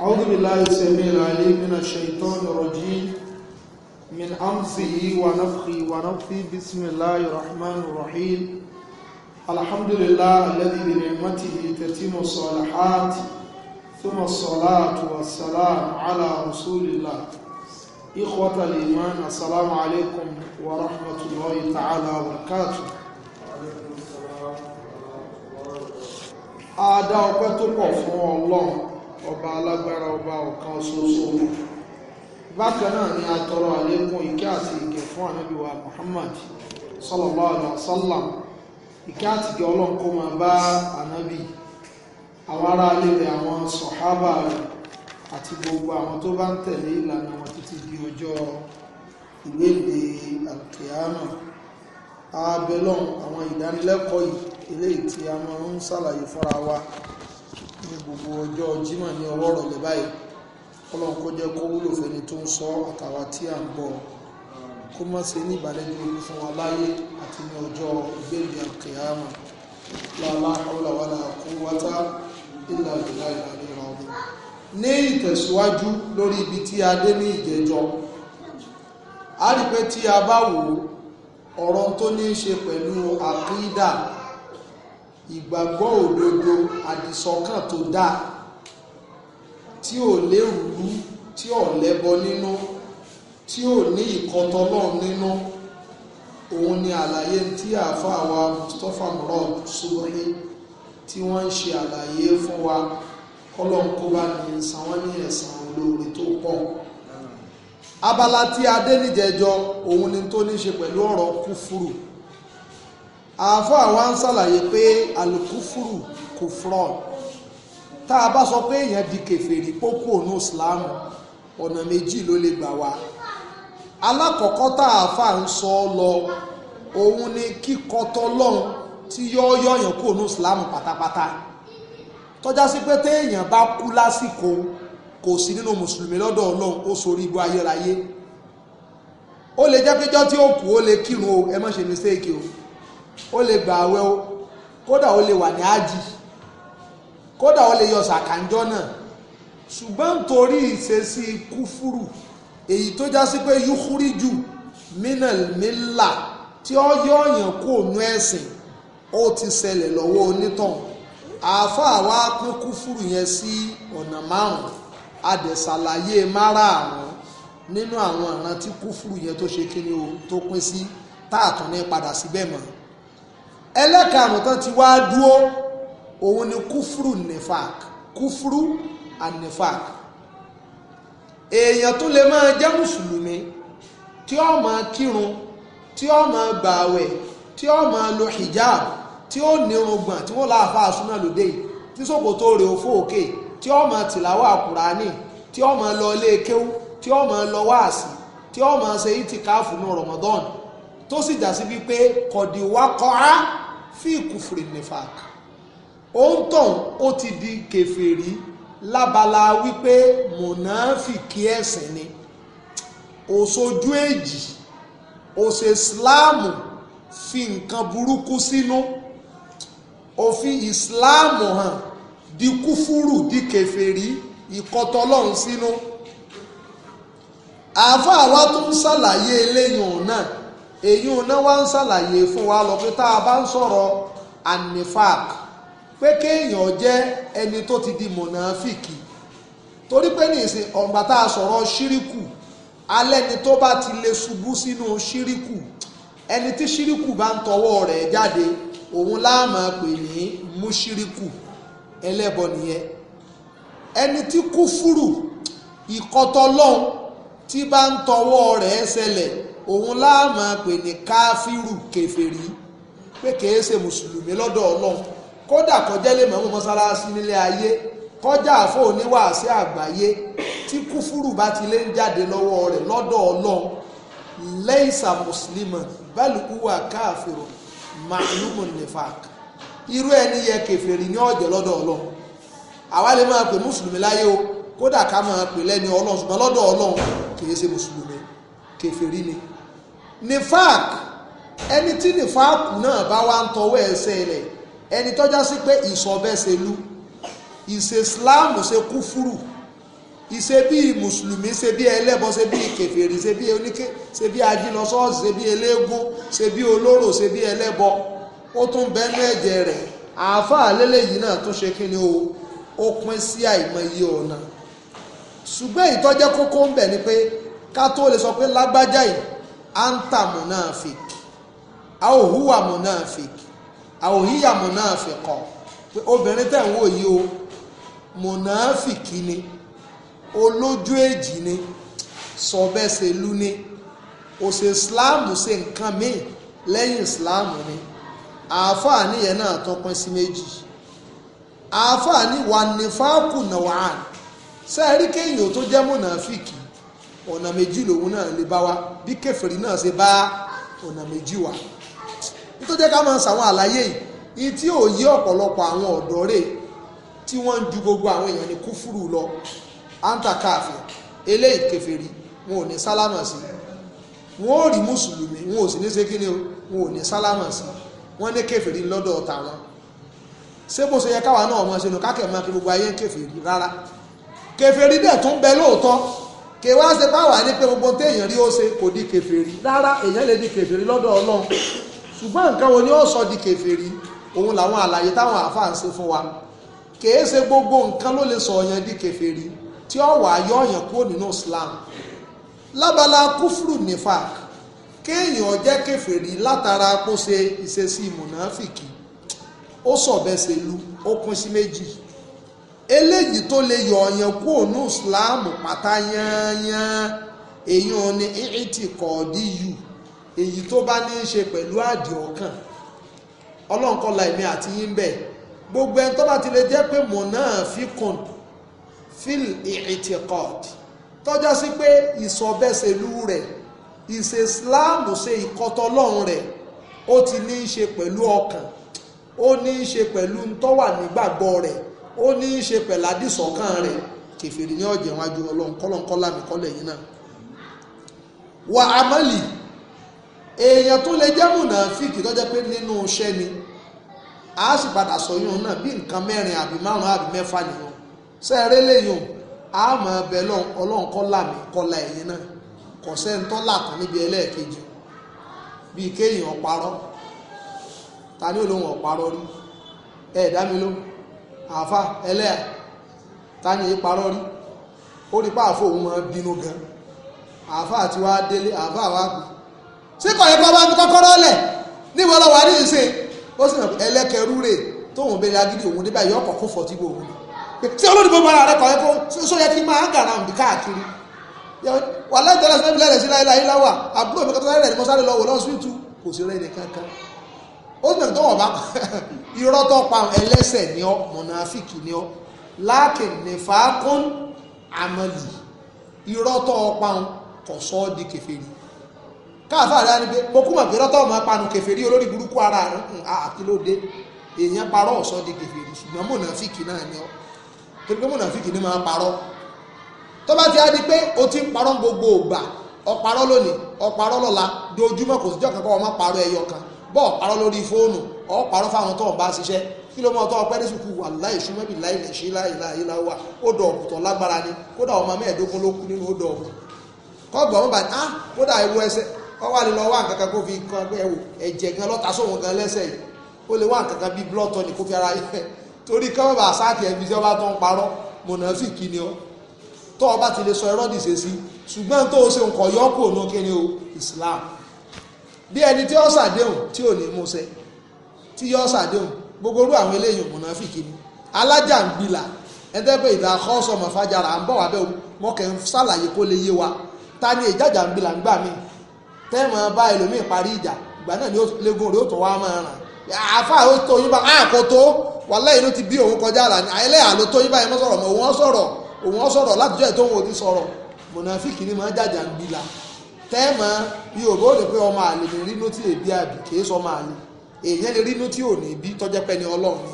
أعوذ بالله السميع العليم من الشيطان الرجيم من أمسه ونفخه ونفخه بسم الله الرحمن الرحيم الحمد لله الذي بنعمته تتم الصالحات ثم الصلاة والسلام على رسول الله إخوة الإيمان السلام عليكم ورحمة الله تعالى وبركاته Ada ọpẹ́ tó pọ̀ fún Ọlọ́run ọba alágbára ọba ọ̀kan ṣoṣo bákan náà ni a tọrọ àlékún ìkẹ́ àti ìgẹ̀ fún ànábì Muhammad sallallahu alaihi wasallam ìkẹ́ àti ìgẹ̀ Ọlọ́run máa bá ànábì àwọn ará ilé rẹ̀ àwọn sọ̀hábà gbogbo àwọn tó bá ń tẹ̀lé ìlànà wọn títí di ọjọ́ ìgbéde àkíyàmà abẹ́lọ́n àwọn ìdánilẹ́kọ̀ọ́ yìí eléyìí a máa ń ṣàlàyé fúnra wa ní gbogbo ọjọ́ jímọ̀ ní ọwọ́ rọ̀lẹ́ báyìí ọlọ́run kó jẹ́ kó wúlò fẹ́ni tó ń sọ àtàwà tí à ń bọ̀ kó má ṣe ní ìbàlẹ́dúró fún wa láyé àti ní ọjọ́ ìgbéǹde àkèyàmà lálá ọlọ́wàlá kó wátá ìlà ìlà ìlà ìlà ọdún ní ìtẹ̀síwájú lórí ibi tí a dé ní ìjẹjọ́ a rí pé tí a bá wò ọ̀rọ̀ tó ní í ṣe pẹ̀lú àkídà ìgbàgbọ́ òdodo àdìsọ́kàn tó dáa tí ò lérùú tí ò lẹ́bọ nínú tí ò ní ìkọtọlọ́run nínú òun ni àlàyé tí àáfàá wa Mustapha Murad Subuhi tí wọ́n ń ṣe àlàyé fún wa kọ́lọ́n kó bá ní ẹ̀sán wọn ní ẹ̀sán olóore tó pọ̀ abala tí adé níjẹjọ òun ni tó ní ṣe pẹ̀lú ọ̀rọ̀ kúfúrú àáfà wa ń pé alukufuru kò fraud tá a bá sọ pé èèyàn di kèfèrí pópó ònú ìsìláàmù ọ̀nà méjì ló lè gbà wá alákọ̀ọ́kọ́ tá àáfà ń sọ lọ òun ni kíkọ́ tọ́lọ́run tí yọ́ yọ̀yàn kó ònú ìsìláàmù pátápátá tọ́já sí pé téèyàn bá kú lásìkò kò sí nínú mùsùlùmí lọ́dọ̀ ọlọ́run ó sorí ibú ayérayé ó lè jẹ́ péjọ́ tí ó kú ó lè kírun o ẹ má ṣe mistake o ó lè gbà àwẹ̀ o kódà ó lè wà ní ájì kódà ó lè yọ sàkànjọ́ náà ṣùgbọ́n nítorí ìṣesí kúfúrù èyí tó já sí pé yúkúrí jù mínàl mílà tí ó yọ ọ̀yàn kú ònú ẹ̀sìn ó ti ṣẹlẹ̀ lọ́wọ́ onítàn àáfàá wa pín kúfúrù yẹn sí ọ̀nà márùn-ún adẹ̀sàlàyé márààrún nínú àwọn àrántí kúfúrù yẹn tó ṣe kíni o tó pín sí táàtún ní padà síbẹ̀ mọ́ ẹlẹ́karùn tán ti wá dúó òun ni kúfúrú nefak kúfúrú anefak èèyàn tó lè máa jẹ́ mùsùlùmí tí ó máa kírun tí ó máa gbààwẹ̀ tí ó máa lo hijab tí ó nírùngbọ̀n tí wọ́n láàfà àsúná lóde yìí tí ṣòkòtò rẹ̀ ò fòókè tí ó máa tìláwà kùránì tí ó máa lọ ilé kéwú tí ó máa lọ wáàsí tí ó máa ṣe ìtìkáàfù ní Ramadan tó sì jà sí wípé kọ̀díwákọ́á fi ìkùfùrì nìfàk òun tàn ó ti di kèfèrí lábala wípé mùnàfìkì ẹ̀sìn ni òṣojú èjì òṣè ìsìláàmù fi nǹkan burúkú sínú òfin ìsìláàmù hàn di kúfúrù di kèfèrí ìkọtọlọ́run sínú àáfàá wa tó ń ṣàlàyé eléyìí èyí ọ̀nà wa ń ṣàlàyé fún wa lọ pé tá a bá ń sọ̀rọ̀ anifak pé kéèyàn jẹ́ ẹni tó ti di mọ̀nàfíkì torí pé ní ìsìn ọ̀gbà tá a sọ̀rọ̀ ṣíríkù alẹ́ ni tó bá ti lè ṣubú sínú ṣíríkù ẹni tí ṣíríkù bá ń tọwọ́ rẹ̀ jáde òun láàmà pè ní múṣíríkù ẹlẹ́bọ nìyẹn ẹni tí kúfúrù ìkọtọ́lọ́hún tí bá ń tọwọ́ rẹ̀ ṣẹlẹ̀ òun láàmà pè ní káfíru kẹfẹ́rí pé kìí ṣe mùsùlùmí lọ́dọ̀ ọlọ́run kódà kọjá lè mọ̀ mọ́sálásí nílé ayé kọjá àfọ oníwàásí àgbáyé tí kúfúrù bá ti lé ń jáde lọ́wọ́ rẹ̀ lọ́dọ̀ ọlọ́run lẹ́yìnsà mùsùlùmí bẹ́lùkúwà káfíru màálùmù nìfàk irú ẹni yẹ kẹfẹ́rí ní ọ̀jẹ̀ lọ́dọ̀ ọlọ́run àwa lè máa pè mùsùlùmí láyé o kódà ká máa pè lẹ́ni ọlọ́run ṣùgbọ́n lọ́dọ̀ ọlọ́run kìí ṣe mùsùlùmí kẹfẹ́rí ni nifak ẹni tí nifak náà bá wá ń tọwọ́ ẹsẹ̀ rẹ̀ ẹni tọ́já sí pé ìsọ̀bẹ́sẹ̀lú ìṣe islam ṣe kúfúrù ìṣe bíi mùsùlùmí ṣe bíi ẹlẹ́bọ ṣe bíi kèfèrí ṣe bíi oníke ṣe bíi ajílọsọ́ọ̀sì ṣe bíi eléégún ṣe bíi olóró ṣe bíi ẹlẹ́bọ ó tún bẹ́nu ẹ̀jẹ̀ rẹ̀ àáfàá lélẹ́yìí náà tún ṣe kí ni o ó pín sí àìmọye ọ̀nà ṣùgbọ́n ìtọ́jẹ́ kókó ń bẹ̀ ni pé ká tó lè sọ pé lágbájá yìí anta munafik aw huwa munafik aw hiya munafiqa pé obìnrin tẹ̀ ń wò yìí o munafiki ni olójú èjì ni sọ̀bẹ́sẹ̀lú ni ó ṣe síláàmù ṣe nǹkan míì lẹ́yìn síláàmù ni àáfàá nìyẹn náà tán pín sí méjì àáfàá ní wà ní fáàkù náà wà á sẹ́ẹ̀rí kéèyàn tó jẹ́ mùnàfíkì ọ̀nà méjì lòun náà lè bá wa bí kèfèrí náà ṣe bá ọ̀nà méjì wa nítorí jẹ́ ká máa ṣàwọn àlàyé yìí tí ò yí ọ̀pọ̀lọpọ̀ àwọn ọ̀dọ́ rè tí wọ́n ń ju gbogbo àwọn èèyàn ní kúfúrú lọ áńtà káàfin eléyìí kèfèrí wọn ò ní sálámà sí wọn ò rí mùsùlùmí wọn ò sì ní ṣe kí ni wọn ò ní sálámà sí wọn ní kèfèrí lọ́dọ̀ ọ̀tá ṣé bó ṣe yẹ káwa náà mọ̀ sínú kákẹ́ mọ́ kí gbogbo ayé ń rárá kèfèrí dẹ̀ tún bẹ lóòótọ́ kè wá ṣe báwa ní pé gbogbo téèyàn rí ó ṣe kò di kèfèrí rárá èèyàn lè di kèfèrí lọ́dọ̀ ọlọ́run ṣùgbọ́n nǹkan wo ni ó sọ di kèfèrí òun làwọn àlàyé táwọn àáfàá ń ṣe fún wa kè é ṣe gbogbo nǹkan ló lè sọ ọ̀yàn di kèfèrí tí ó wà yọ ọ̀yàn kúrò nínú Islam lábala kúfùrù nífàk kéèyàn jẹ́ kèfèrí látara kó ṣe ìṣesí mùnàfìkì ó sọ̀bẹ̀ṣẹ̀lú ó kún sí méjì eléyìí tó lè yọ ọyàn kú ònú islam pátá yányán èyàn ni ìtì kọ̀ọ̀dí yù èyí tó bá ní í ṣe pẹ̀lú àdì ọkàn gbogbo ẹni tó bá ti lè jẹ́ pé munafikun fil ìtì kọ̀ọ̀dí tọ́já sí pé rẹ̀ ìṣe islam ṣe ìkọ́tọ́lọ́run rẹ̀ ó ti ní í ṣe ó ní í ṣe pẹ̀lú àdìsọ́kàn rẹ̀ kẹfìrì ní ọ̀jẹ̀ wájú ọlọ́run kọ́lọ́nkọ́lá mi kọ́lẹ̀ yìí náà wà amálì èèyàn tó lè jẹ́ mùnàfíìkì tó jẹ́ pé nínú iṣẹ́ ni a sì padà sọ yóò náà bí nǹkan mẹ́rin àbí márùn-ún àbí mẹ́fà nìyẹn sẹ́ẹ̀rẹ́ lèyàn a máa bẹ ọlọ́run kọ́lá mi kọ́lá ẹ̀yìn náà kò sẹ́ńtọ́ làtàn níbi ẹlẹ́ẹ̀kejì bíi kéèyàn ọ̀parọ́ ta ni olóhùn ọ̀parọ́ rí ẹ̀ẹ́dá mi lóhùn àfa ẹlẹ́à táyà ìparọ́ rí ó rí pààfọ́ òun máa bínú gan àfa àti wá délé àfa àwa kù ṣé kò yẹ kó bá mi kọ́kọ́rọ́ lẹ̀ níbo lọ́wọ́ àdé ìṣe ó sì mọ̀ ẹlẹ́kẹrú rè tóun bẹ̀rẹ̀ agídí òun débà yọ ọkọ̀ kó fọ̀ tí gbòòrùn tí olódìbò bọ́ra rẹ̀ kọ̀ yẹ kó sọ yẹ kí máa gàrà òǹdí káàkiri wà láìtọ́lá sí ẹ̀bílẹ̀ rẹ̀ sí láìláì láwà àbúrò mi kọ́tọ́ rẹ̀ ni mo sáré lọ wò lọ́sùn ìtú kò sí rẹ̀ nìkan kan ó sì mọ̀ tó wọ̀n bá irọ́ tó pa ẹlẹ́sẹ̀ ni ọ́ mọ̀nàfíkì ni ọ́ láàkì nìfàákún àmàlì irọ́ tó pa kò sọ ọ́ di kèfèrí káàfà rẹ̀ ni pé mo kú mọ̀ pé irọ́ tó máa panu kèfèrí olórí burúkú ara rẹ̀ àkìlóde èèyàn parọ́ ọ̀sọ́ di kèfèrí ṣùgbọ́n mọ̀nàfíkì náà ni ọ́ torí pé mọ̀nàfíkì ni máa parọ́ tó bá ti á di pé o ti ń parọ́ gbogbo ògbà ọ̀parọ́ lónìí ọ̀parọ́ lọ́la dojúmọ́ kò síjọ́ ọ parọ́ fáwọn tó ń bá ṣiṣẹ́ kí ló mọ̀ tó ọpẹ́ ní sùkú wàláì ṣùmọ́bì láì lè ṣe láì láì láwà ó dọ̀ ọ̀pùtọ̀ lágbára ni kódà ọmọ mẹ́ẹ̀ẹ́dógún ló kú nínú ó dọ̀ ọ̀pù kọ́gbọ̀n mọ́ bàtà ah, kódà ewu ẹsẹ̀ ọ wà nílọ wá nǹkan kan kó fi kan pé ẹwò ẹ̀jẹ̀ gan lọ́ta sóhun gan lẹ́sẹ̀ yìí ó lè wá nǹkan kan bíi blood tonic kó fi ara yẹ torí kí wọ́n bá sáàkì ẹbí tí wọ́n bá tó ń parọ́ mọ̀nàfíìkì ni ọ tó o bá ti lè sọ ẹ̀rọ dìṣe sí ṣùgbọ́n tó o ṣe nǹkan yọkù ònú kí ni o Islam bí ẹni tí ó ṣàdéhùn tí ò ní mú ṣẹ tí yọ sàdéhùn gbogbo orú àwọn eléyìí mùnáfíkì ni alájà ń gbilà ẹ̀ẹ́dẹ́gbẹ́ ìdá kọ́sọ̀ mọ̀fájára à ń bọ̀ wá bẹ́ẹ̀ wọn kẹ́ ń sàlàyé kó lè yé wa ta ni ìjàjà ń gbilà ń gbà mí tẹ́ẹ̀mọ̀ bá ẹlòmíì parí ìjà ìgbà náà ni léegun rẹ̀ ó tún wá máa ràn àáfà ó tó yín bá àkó tó wàláhì ló ti bí òun kọjá àlà ní ẹlẹ́yà ló tó yín báyìí mọ́ sọ̀rọ̀ mọ́ òun sọ̀rọ̀ òun sọ̀rọ̀ ni máa jàjà ń gbilà tẹ́ẹ̀mọ̀ yóò bó lè pé ọmọ àlè èèyàn lè rínú tí ò ní bí tọ́jẹ́ pẹ́ ni ọlọ́run ni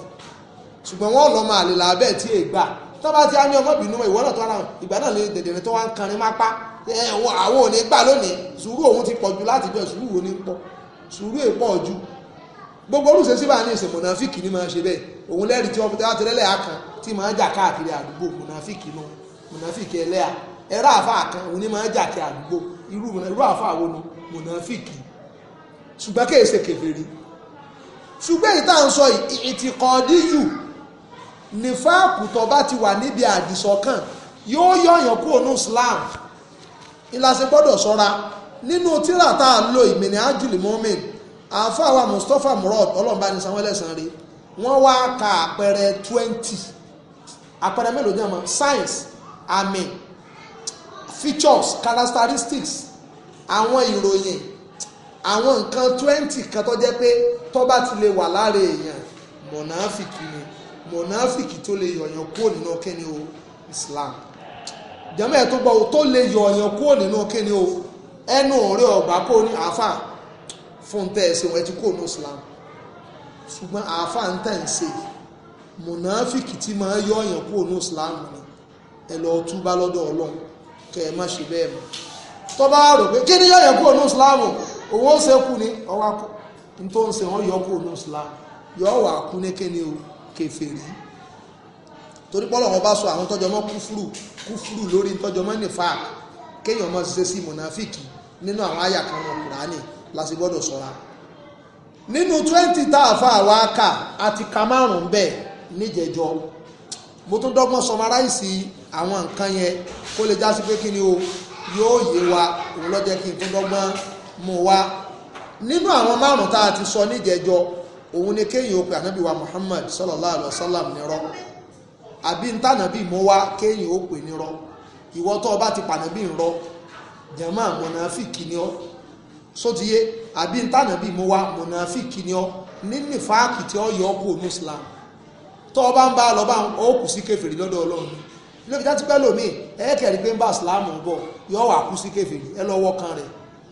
ṣùgbọ́n wọ́n lọ́ máa lè là bẹ́ẹ̀ tí èè gbà tó bá ti ní ọmọ ìbínú ìwọ náà tó ara ìgbà náà lè dèdèrè tó wá ń kanrin má pa ẹ̀wọ̀n àwọn òní gbà lónìí sùúrù òun ti pọ̀jù láti bẹ̀ sùúrù òní pọ̀ sùúrù èpọ̀ jù gbogbo olùsẹ̀ síbà ní ìsìn mọ̀nàfíìkì ni máa ṣe bẹ́ẹ̀ òun lẹ́rìí tí wọ́n fi tẹ́lẹ̀ tẹ́lẹ̀ àkàn tí máa jà káàkiri àdúgbò mọ̀nàfíìkì nù mọ̀nàfíìkì ẹlẹ́à ẹ̀rọ àfa àkàn òun ni máa jà kí àdúgbò irú àfa àwọn mọ̀nàfíìkì ṣùgbọ́n kéèsè kèfèrí ṣùgbọ́n èyí tá à ń sọ ìtìkọ̀ọ́díyù nífàákù tó bá ti wà níbi àdìsọ́kàn yóò yọ̀yàn kúrò ní Islam ìlàsẹ̀ gbọ́dọ̀ sọ́ra nínú tíra tá à ń lo ìmìnì ájúlì mọ́mìn àfáwà Mustapha Murad ọlọ́mọba ní sanwó ẹlẹ́sàn rí wọ́n wá ka àpẹẹrẹ twenty àpẹẹrẹ mélòó ní àmọ́ science àmì features characteristics àwọn ìròyìn àwọn nǹkan twenty kan tó jẹ́ pé tó bá ti lè wà lára èèyàn mọ̀nàfìkì ni mọ̀nàfìkì tó lè yọ̀yàn kúrò nínú kíni o Islam jẹ́mọ́ ẹ̀ tó gbọ́ o tó lè yọ̀yàn kúrò nínú kíni o ẹnu ọ̀rẹ́ ọ̀gbà kó ní àáfà fún tẹ́ ẹ̀ ṣe wọ́n ti kúrò ní Islam ṣùgbọ́n àáfà ń tẹ̀ ń ṣe mọ̀nàfìkì tí máa yọ̀yàn kúrò ní Islam ni ẹ lọ túbá lọ́dọ̀ Ọlọ́run kẹ́ ẹ má ṣe bẹ́ẹ̀ mọ́ tó bá rò pé kí ni yọ̀yàn kúrò ní Islam o òun ó ṣekú ni ọwọ́ akọ n tó ń ṣe wọ́n yọ kó ní islam yọ wà kú ní kéde o kèfèrí torí pọ́lọ̀ wọn bá sọ àwọn tọ́jọ́ mọ́ kúfúrú kúfúrú lórí tọ́jọ́ mọ́ nífàk kéèyàn mọ́ ṣe sí mọ̀nàfíìkì nínú àwọn àyà kan wọn kùránì la gbọ́dọ̀ sọ́ra nínú twenty tá a fa àwa kà àti ka márùn-ún bẹ́ẹ̀ níjẹ̀jọ́ mo tún dọ́gbọ́n sọmaráìsì àwọn nǹkan yẹn kó lè já sí pé kí o yóò yé wa òun ló kí n tún dọ́gbọ́n mú nínú àwọn márùn tá a ti sọ níjẹjọ òun ni kéyìn ó pe ànábì wa Muhammad sallallahu alayhi wa sallam àbí ó ìwọ tó o bá ti pànàbí ni sótìyé àbí ntànàbí ni nínú tó bá a lọ bá ó kù sí ti pẹ́ lómi pé ń bá Islam bọ̀ yọ wà kú sí ẹ lọ́wọ́ kan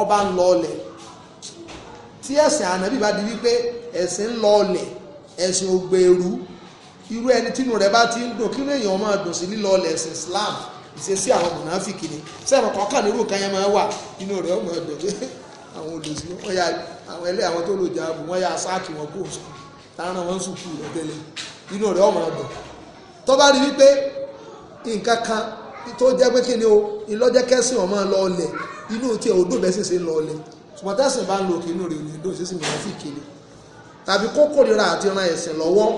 ọba ń lọ ọlẹ̀ tí ẹ̀sìn ànábì bá di wípé ẹ̀sìn ń lọ ọlẹ̀ ẹ̀sìn ògbèrú irú ẹni tínú rẹ̀ bá ti ń dùn kí ló èèyàn máa dùn sí lílọ ọlẹ̀ ẹ̀sìn Islam ìṣesí àwọn mùnàfíkì ni sẹ́wọ̀n kọ́kàn nírú kan yẹn máa wà inú rẹ̀ ó máa dùn àwọn olùsí wọn ya àwọn ẹlẹ́ àwọn tó lò jà bù wọ́n ya sáàkì wọn kó sùn tààrà wọn sùkú rẹ̀ tẹ́lẹ̀ inú rẹ̀ ọmọ ọdọ̀ tó bá rí wípé nǹkan kan tó jẹ́ pé kí ni o ìlọ́jẹ́ kẹ́sìn ọmọ lọ ọlẹ̀ inú tí ẹ̀ odò bẹ́ẹ̀ ṣe lọ ọlẹ̀ ṣùgbọ́n tẹ́sán bá ń lo òkè inú rẹ̀ òní odò ṣe sì mìíràn sí ìkéde tàbí kókò rírà àti ran ẹ̀sìn lọ́wọ́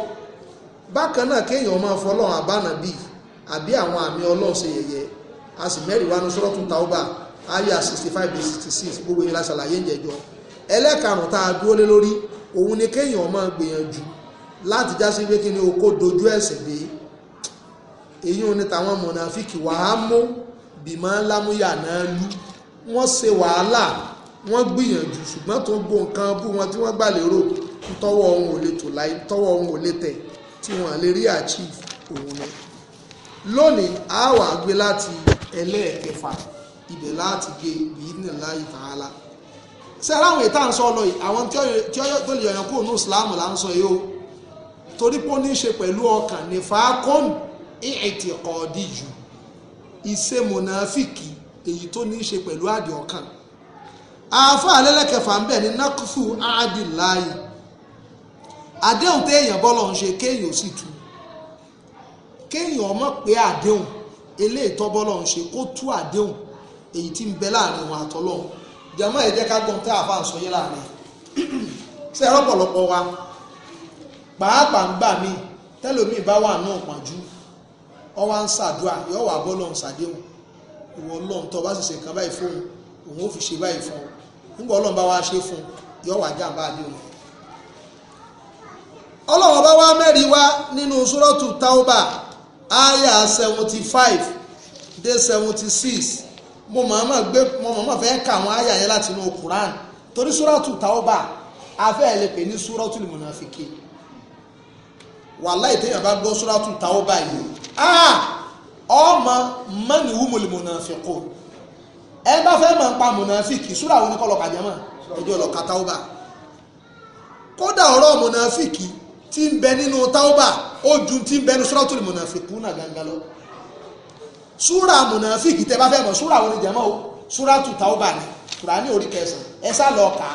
bákan náà kéèyàn máa fọlọ́run àbánà bíi àbí àwọn àmì ọlọ́run ṣe yẹ̀yẹ́ a sì mẹ́rin wá ní sọ́rọ́tù tàwọ́bà ayé sixty five to sixty six gbogbo yẹn la ṣàlàyé ìjẹjọ ẹlẹ́karùn-ún tá a dúró lé lórí òun ni kéèyàn máa gbìyànjú láti já sí pé kí ni oko dojú ẹ̀sìn dé èyí ò ní tàwọn mọ̀nàfíkì wàá mú bìmọ̀ lámúyà náà lú wọ́n ṣe wàhálà wọ́n gbìyànjú ṣùgbọ́n tó gbó nǹkan bú wọn tí wọ́n gbà lérò tọwọ́ ohun ò lè tò láì tọwọ́ ohun ò lè tẹ̀ tí wọ́n lè rí achieve òun ni. lónìí a wà gbé láti ẹlẹ́ẹ̀kẹfà ibẹ̀ láti gbé bìínì láì tààlà. sẹ́rà àwọn ètò à ń sọ lọ yìí àwọn tí ó tó lè yọ̀yàn kúrò ní Islam là ń sọ yìí o torí pé ó ní í ṣe pẹ̀lú ọkàn nífàákọ́n ìhìtìkọ́ọ̀dì jù ìṣe mọ̀nàfíkì èyí tó ní í ṣe pẹ̀lú àdì ọkàn àáfà alẹ́lẹ́kẹfà ń bẹ̀ ní nákùfù àádìláyì àdéhùn téèyàn bọ́lọ̀ ń ṣe kéèyàn sì tú kéèyàn ọmọ pé àdéhùn eléyìí tó bọ́lọ̀ ń ṣe kó tú àdéhùn èyí tí ń bẹ láàrin wọn àtọ́lọ́hún jàmọ́ ẹ jẹ́ ká gbọ́n tá àáfà ń sọ láàrin ṣe rọ́pọ̀lọpọ̀ wa pàápàá ń gbà mí tẹ́lómi bá wà náà pàjú ọwọ́ à ń ṣàdúrà yọ̀ọ́ wà bọ́lọ̀ ń ṣàdéhùn ìwọ ọlọ́run tó bá sì ṣe nǹkan báyìí fún òun òun ò fi ṣe báyìí fún ọ nígbà ọlọ́run bá wá ṣe fún yọ wá jàǹbá àdé òun. ọlọ́run bá wá mẹ́rin wá nínú sọ́rọ́tù tauba aya seventy five dé seventy six mo màmá gbé mo màmá fẹ́ ka àwọn aya yẹn láti inú Quran torí sọ́rọ́tù tauba afẹ́ ẹ̀ lè pè ní sọ́rọ́tù lìmọ̀nàfíkì wàláì téèyàn bá gbọ́ sọ́rọ́tù tauba yìí. Ah! ọmọ mọ́ni wúmọ̀lì mọ̀nàfíkò ẹ bá fẹ́ mọ̀ ń pa mọ̀nàfíkì súrà wọn kọ́ lọ́kàjẹ́ mọ̀ ẹjọ́ lọ́ka táwọ́bà kódà ọ̀rọ̀ mọ̀nàfíkì tí ń bẹ nínú táwọ́bà ó ju tí ń bẹ nínú súràtúlì mọ̀nàfíkù náà gangan lọ súrà mọ̀nàfíkì tẹ bá fẹ́ mọ̀ súrà wọn jẹ́mọ́ o súràtù táwọ́bà ni kùránì orí kẹsàn-án ẹ sá lọ kà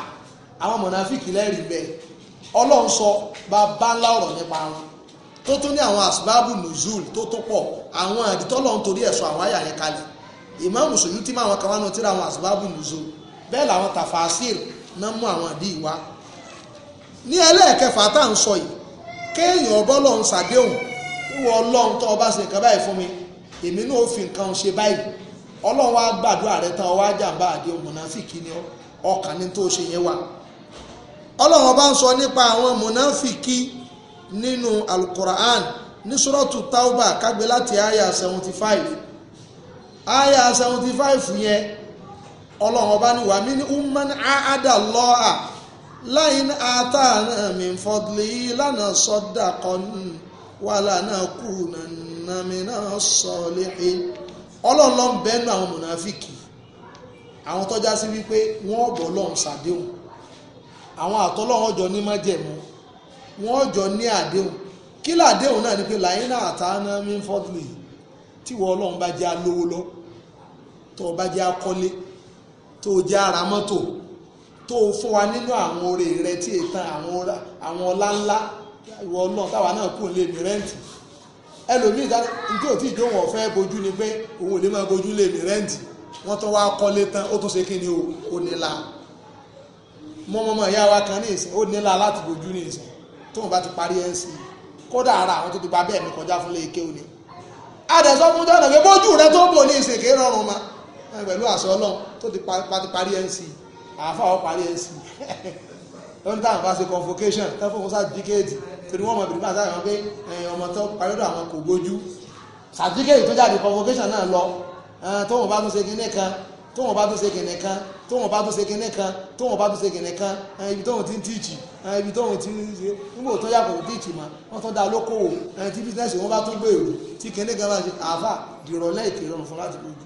àwọn mọ̀nàfíkì lẹ́rìí bẹ́ẹ̀ ọlọ́run sọ tó tún ní àwọn asbabu nuzul tó tó pọ̀ àwọn àdìtọ́lọ̀ ń torí ẹ̀sọ́ àwọn àyà yẹn kalẹ̀ Imam Suyuti máa wọn kan ti ra àwọn asbabu nuzul bẹ́ẹ̀ làwọn tafasir náà mú àwọn àdí ìwá ní ẹlẹ́ẹ̀kẹfà tá à ń sọ yìí kéèyàn ọbọ̀ lọ́n ṣàdéhùn wíwọ ọlọ́run tó ọba ṣe nǹkan báyìí fún mi èmi náà ó fi nǹkan ṣe báyìí ọlọ́run wá gbàdúrà rẹ tán ọwọ́ àjàmbá àdéhùn mọ̀nàfíkì ni ọkàn ní tó ṣe yẹn wà ọlọ́run ọba ń sọ nípa àwọn mọ̀nàfíkì nínú alukoran ní sọ́rọ́tù tauba kágbé láti aya seventy five aya seventy five yẹn ọlọ́run ọba ní wàmí ní umman aada lọ́ọ̀à láyìn àtàánà mi fọdùlì lánà sọ́dà kọ́nù wà lánà kù nànà mi náà sọ̀lẹ́hìn ọlọ́run ló ń bẹ́nu àwọn mùnàfíkì àwọn tọ́já sí wípé wọ́n bọ̀ lọ́hùn ṣàdéhùn àwọn àtọ́lọ́hùn ọjọ́ ní májẹ̀mú wọ́n jọ ní àdéhùn kí làdéhùn náà ni pé làyínà àtàánà mi ń fọ́dúlì tíwọ́ ọlọ́run bá jẹ́ alówó lọ tó o bá jẹ́ akọ́lé tó o jẹ́ ara mọ́tò tó o fún wa nínú àwọn oore rẹ tí ètàn àwọn ọlá ńlá ìwọ ọlọ́run táwa náà kù lè mi rẹ́ǹtì ẹlòmíì tí ò tí ì dóhùn ọ̀fẹ́ bojú ni pé òun ò lè máa bojú lè mi rẹ́ǹtì wọ́n tó wá kọ́lé tán ó tún ṣe kí ni ó nílá mọ́mọ́mọ́ ìyá wa kan ní ìsìn ó nílá láti bojú ní ìsìn tó wọn bá ti parí nc kódà ara àwọn tó ti gba bẹ́ẹ̀ mi kọjá fún léèké òní àdẹ̀sọ́ fún jọ́nà pé bójú rẹ tó bò ní ìsìnkè rọrùn ma pẹ̀lú àṣọ ọlọ́run tó ti parí nc àáfà ọ parí nc lọ́nà táwọn bá ṣe convocation tán fún sàtífíkẹ́ẹ̀tì torí wọ́n mọ̀ bìrì bá sáyẹn pé ọmọ tó parí ọ̀dọ̀ àwọn kò gbójú sàtífíkẹ́ẹ̀tì tó jáde convocation náà lọ tó wọn bá tún ṣe kinní kan tó wọn bá tó ṣe kìnìún kan tó wọn bá tó ṣe kìnìún kan tó bá tó ṣe kìnìún kan ibi tó wọn ti ń tíìchì ibi tó wọn ti ń ṣe nígbà tó yàgò tó tíìchì wọn tó da lókòwò tí bísíǹsì wọn bá tó gbèrú tí kìnìún kan bá ṣe àáfà dìrọ̀lẹ́ ìkìrọ̀rùn fún láti gbójú.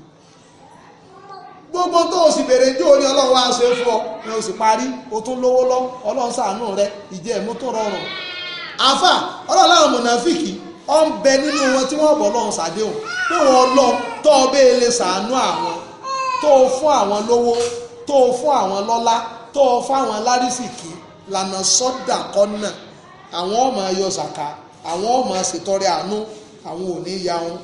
gbogbo tó o sì bèrè jó ní ọlọ́run wá ṣe fún ọ ni o sì parí o tún lówó lọ ọlọ́run ṣàánú rẹ ìjẹ́ ẹ̀mú tó rọrùn àáfà ọlọ́run mùnàfíkì ọ ń bẹ nínú wọn tí wọ́n bọ̀ lọ́run ṣàdéhùn tó o fún àwọn lówó tó o fún àwọn lọ́lá tó o fún àwọn lárísìkí lànà sọ́dà kọ́nà àwọn ọmọ ayọ̀ àwọn ọmọ ṣètọrẹ àánú àwọn ò ní ya wọn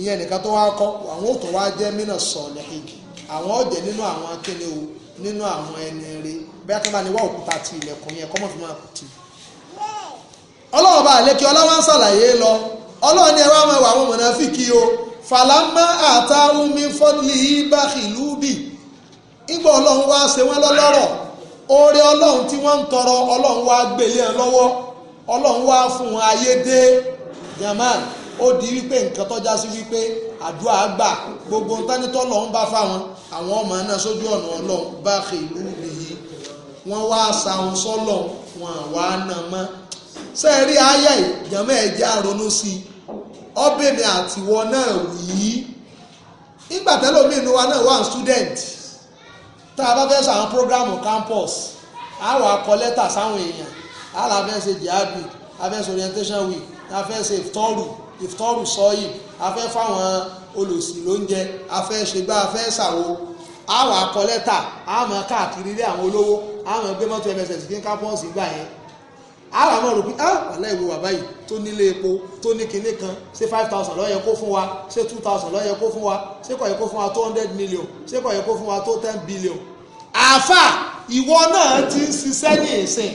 ìyẹn nìkan tó wá kọ́ àwọn òtò wá jẹ́ mínà sọ̀lẹ̀ kejì àwọn ọ̀jẹ̀ nínú àwọn akéde o nínú àwọn ẹni rẹ bẹ́ẹ̀ kí n ní wá òkúta ti ilẹ̀kùn yẹn fi fàlámà àtàwọn mi fọ́dúlì yìí bá ìlú bì ìgbà ọlọ́run wá ṣe wọ́n lọ́lọ́rọ̀ oore ọlọ́run tí wọ́n ń tọrọ ọlọ́run wá gbélé ẹ lọ́wọ́ ọlọ́run wá fún wọn ayé dé jama ó di wípé nǹkan tọ́já sí wípé àdúrà gbà gbogbo ntánitọ́ lọ́run bá fáwọn àwọn ọmọ náà sójú ọ̀nà ọlọ́run bá ìlú bì yìí wọ́n wá sàwọn sọ́lọ̀ wọn àwa náà mọ́ sẹ́ẹ̀rí ayé ìjàmọ́ ẹ̀jẹ̀ àrònú sí i ọbẹ̀mi àtiwọ náà wí nígbà tẹ́lẹ̀ omi ìnú wa náà wà student tá a bá fẹ́ sọ àwọn programu campus a wà kọ lẹ́tà sáwọn èèyàn a là fẹ́ ṣe jihadi a fẹ́ ṣe orientation week a fẹ́ ṣe ìfitọ́rù ìfitọ́rù sọ́yì a fẹ́ fáwọn olùsìn lóúnjẹ a fẹ́ ṣe gbá a fẹ́ ṣàwo a wà kọ lẹ́tà a mọ̀ káàkiri ilé àwọn olówó a mọ̀ gbé mọ́tò mss kí n campus gbà yẹn ara máa rò pé ah wàhálà ìwé wà báyìí tó nílé epo tó ní kinní kan ṣé five thousand ló yẹ kó fún wa ṣé two thousand ló yẹ kó fún wa ṣé kò yẹ kó fún wa two hundred million ṣé kò yẹ kó fún wa tó ten billion. àáfà ìwọ náà ti ń ṣiṣẹ́ ní ìsìn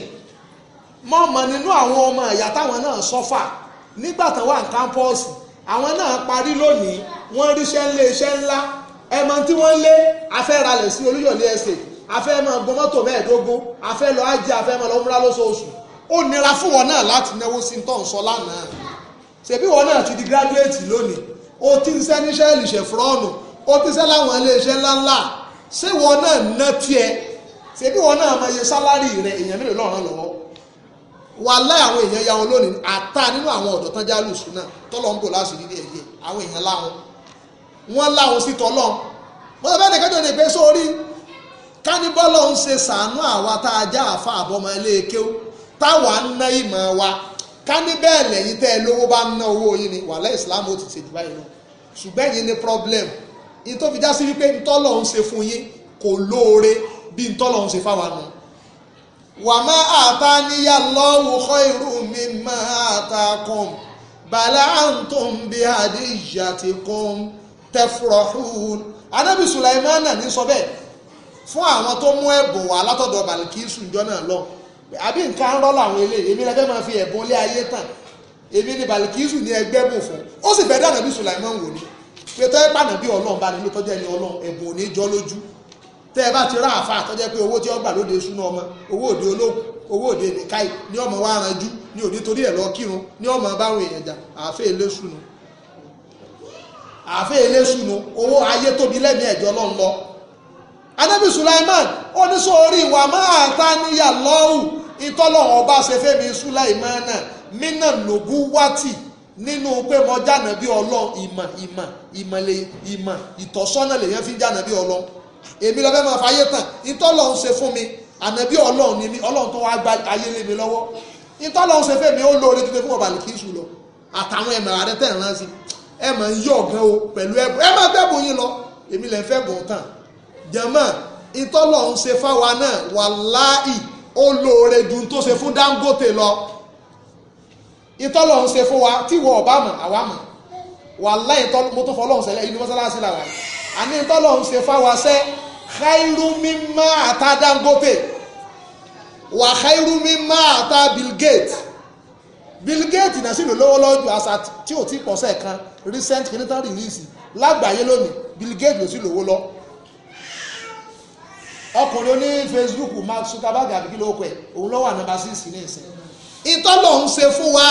mọ́mọ́ nínú àwọn ọmọ ìyá táwọn náà sọ́fà nígbà tán wà ní kámpọ́ọ̀sì àwọn náà parí lónìí wọ́n ríṣẹ́ ńlé iṣẹ́ ńlá ẹ̀mọ́ tí wọ́n lé afẹ́ralẹ̀ sí olúyọ̀lé ẹ̀sẹ̀ afẹ́ máa gbọ́ mọ́tò mẹ́ẹ̀ẹ́dógún afẹ́ lọ ájẹ́ afẹ́ máa lọ múra lóṣooṣù ó nira fún wọn náà láti náwó sí tó ń sọ lánàá ṣèbí wọn náà ti di graduate lónìí ó ti ń ṣẹ́ níṣẹ́ ìlìṣẹ̀fúrọ́ọ̀nù ó ti ń ṣẹ́ láwọn iléeṣẹ́ ńláńlá ṣé wọn náà ná tiẹ̀ ṣèbí wọn náà mọ iye sálárì rẹ èèyàn mélòó lọ́ràn lọ́wọ́ wà láì àwọn èèyàn ya wọn lónìí àtà nínú àwọn ọ̀dọ́ tán já lùsùn náà tọ́lọ́ ń bò láti rí ẹ̀yẹ àwọn èèyàn láwọn wọ́n láwọn sí tọ́lọ́ wọ́n sọ fẹ́ẹ́ nìkan tó ní pé sórí káníbọ́lọ́ ń ṣe sàánú àwa tá a já àfa àbọ̀mọ́ ilé táwa ń ná ìmọ̀ wa ká ní bẹ́ẹ̀ lẹ́yìn tẹ́ ẹ lówó bá ń ná owó yìí ni wàhálà ìsìlámù ó ti ṣe jù báyìí lọ ṣùgbọ́n yìí ni problem yìí tó fi já sí wípé ntọ́lọ̀ ń ṣe fún yín kò lóore bí ntọ́lọ̀ ń ṣe fáwa nù. wàmọ́ àtàníyà lọ́wọ́ kọ́ irú mi máa àtàkùn bàlá àǹtọ̀n bí àdéhìyà ti kún tẹ́fúrọ̀hún. anábì sùlàìmánà ní sọ bẹ́ẹ̀ fún àwọn tó mú ẹ̀bùn wá látọ̀dọ̀ bàlìkí sùnjọ́ náà lọ́wọ́ àbí nǹkan ń rọ́ làwọn eléyìí èmi lẹ́gbẹ́ máa fi ẹ̀bùn ilé ayé tàn èmi ni balikisu ní ẹgbẹ́ bò fún ó sì fẹ́ dànàbí Sulaiman wò ni pé tọ́ ẹ pànà bí ọlọ́run bá ní ló tọ́jú ẹni ọlọ́run ẹ̀bùn òní jọ lójú tẹ́ ẹ bá ti rá àfa àtọ́jẹ́ pé owó tí ó gbà lóde súná ọmọ owó òde olóòkú owó òde nìkáì ní ọmọ wa ranjú ní òní torí ẹ̀ lọ kírun ní ọmọ báwọn èèyàn jà àáfẹ́ elésùnú àáfẹ́ elésùnú owó ayé tóbi lẹ́mìí ẹ̀jọ́ ọlọ́run lọ anabi sulaiman ó ní sórí ìwà máa ta níyà lọ́hùn ìtọ́lọ̀ ọba ṣẹfẹ́mi sulaimana mínà lògùn wátì nínú pé mo jànà bí ọlọ́run ìmọ̀ ìmọ̀ ìmọ̀lẹ̀ ìmọ̀ ìtọ́sọ́nà lèyàn fi jànà bí ọlọ́run èmi lọ fẹ́ máa fàyè tán ìtọ́lọ̀ ń ṣe fún mi ànàbí ọlọ́run ni mi ọlọ́run tó wá gba ayé lé mi lọ́wọ́ ìtọ́lọ̀ ń ṣe fẹ́ mi ó lóore tuntun fún ọ̀bàlì kì í sùn lọ àtàwọn ẹ̀mọ̀ àrẹ tẹ̀ ránṣẹ́ ẹ̀mọ̀ ń yọ̀ gan o pẹ̀lú ẹ̀bùn ẹ̀mọ̀ bẹ́ẹ̀ bóyin lọ èmi lẹ́ fẹ́ bùn tán jẹ́mọ̀ ìtọ́lọ̀ ń ṣe fáwa náà wàláì ó lóore ju tó ṣe fún Dangote lọ ìtọ́lọ̀ ń ṣe fún wa tí wọ́n ọ̀bá mọ̀ àwa mọ̀ wàláì ìtọ́lọ̀ mo tó fọlọ́hún sẹ́lẹ̀ inú mọ́sálásí làwà yìí àní ìtọ́lọ̀ ń ṣe fáwa sẹ́ khairu mimma ata Dangote wà khairu mimma ata Bill Gates Bill Gates náà sì lò lọ́wọ́ lọ́jọ́ àṣà tí ò tí pọ̀ sẹ́ẹ̀kan recent clinical release lágbàáyé lónìí Bill Gates ló sì lówó lọ́wọ́ ọkùnrin oní Facebook Mark Zuckerberg àbí kí ló kọ ẹ òun ló wà nọ́mbà six ní ìsìn ìtọ́lọ̀ ń ṣe fún wa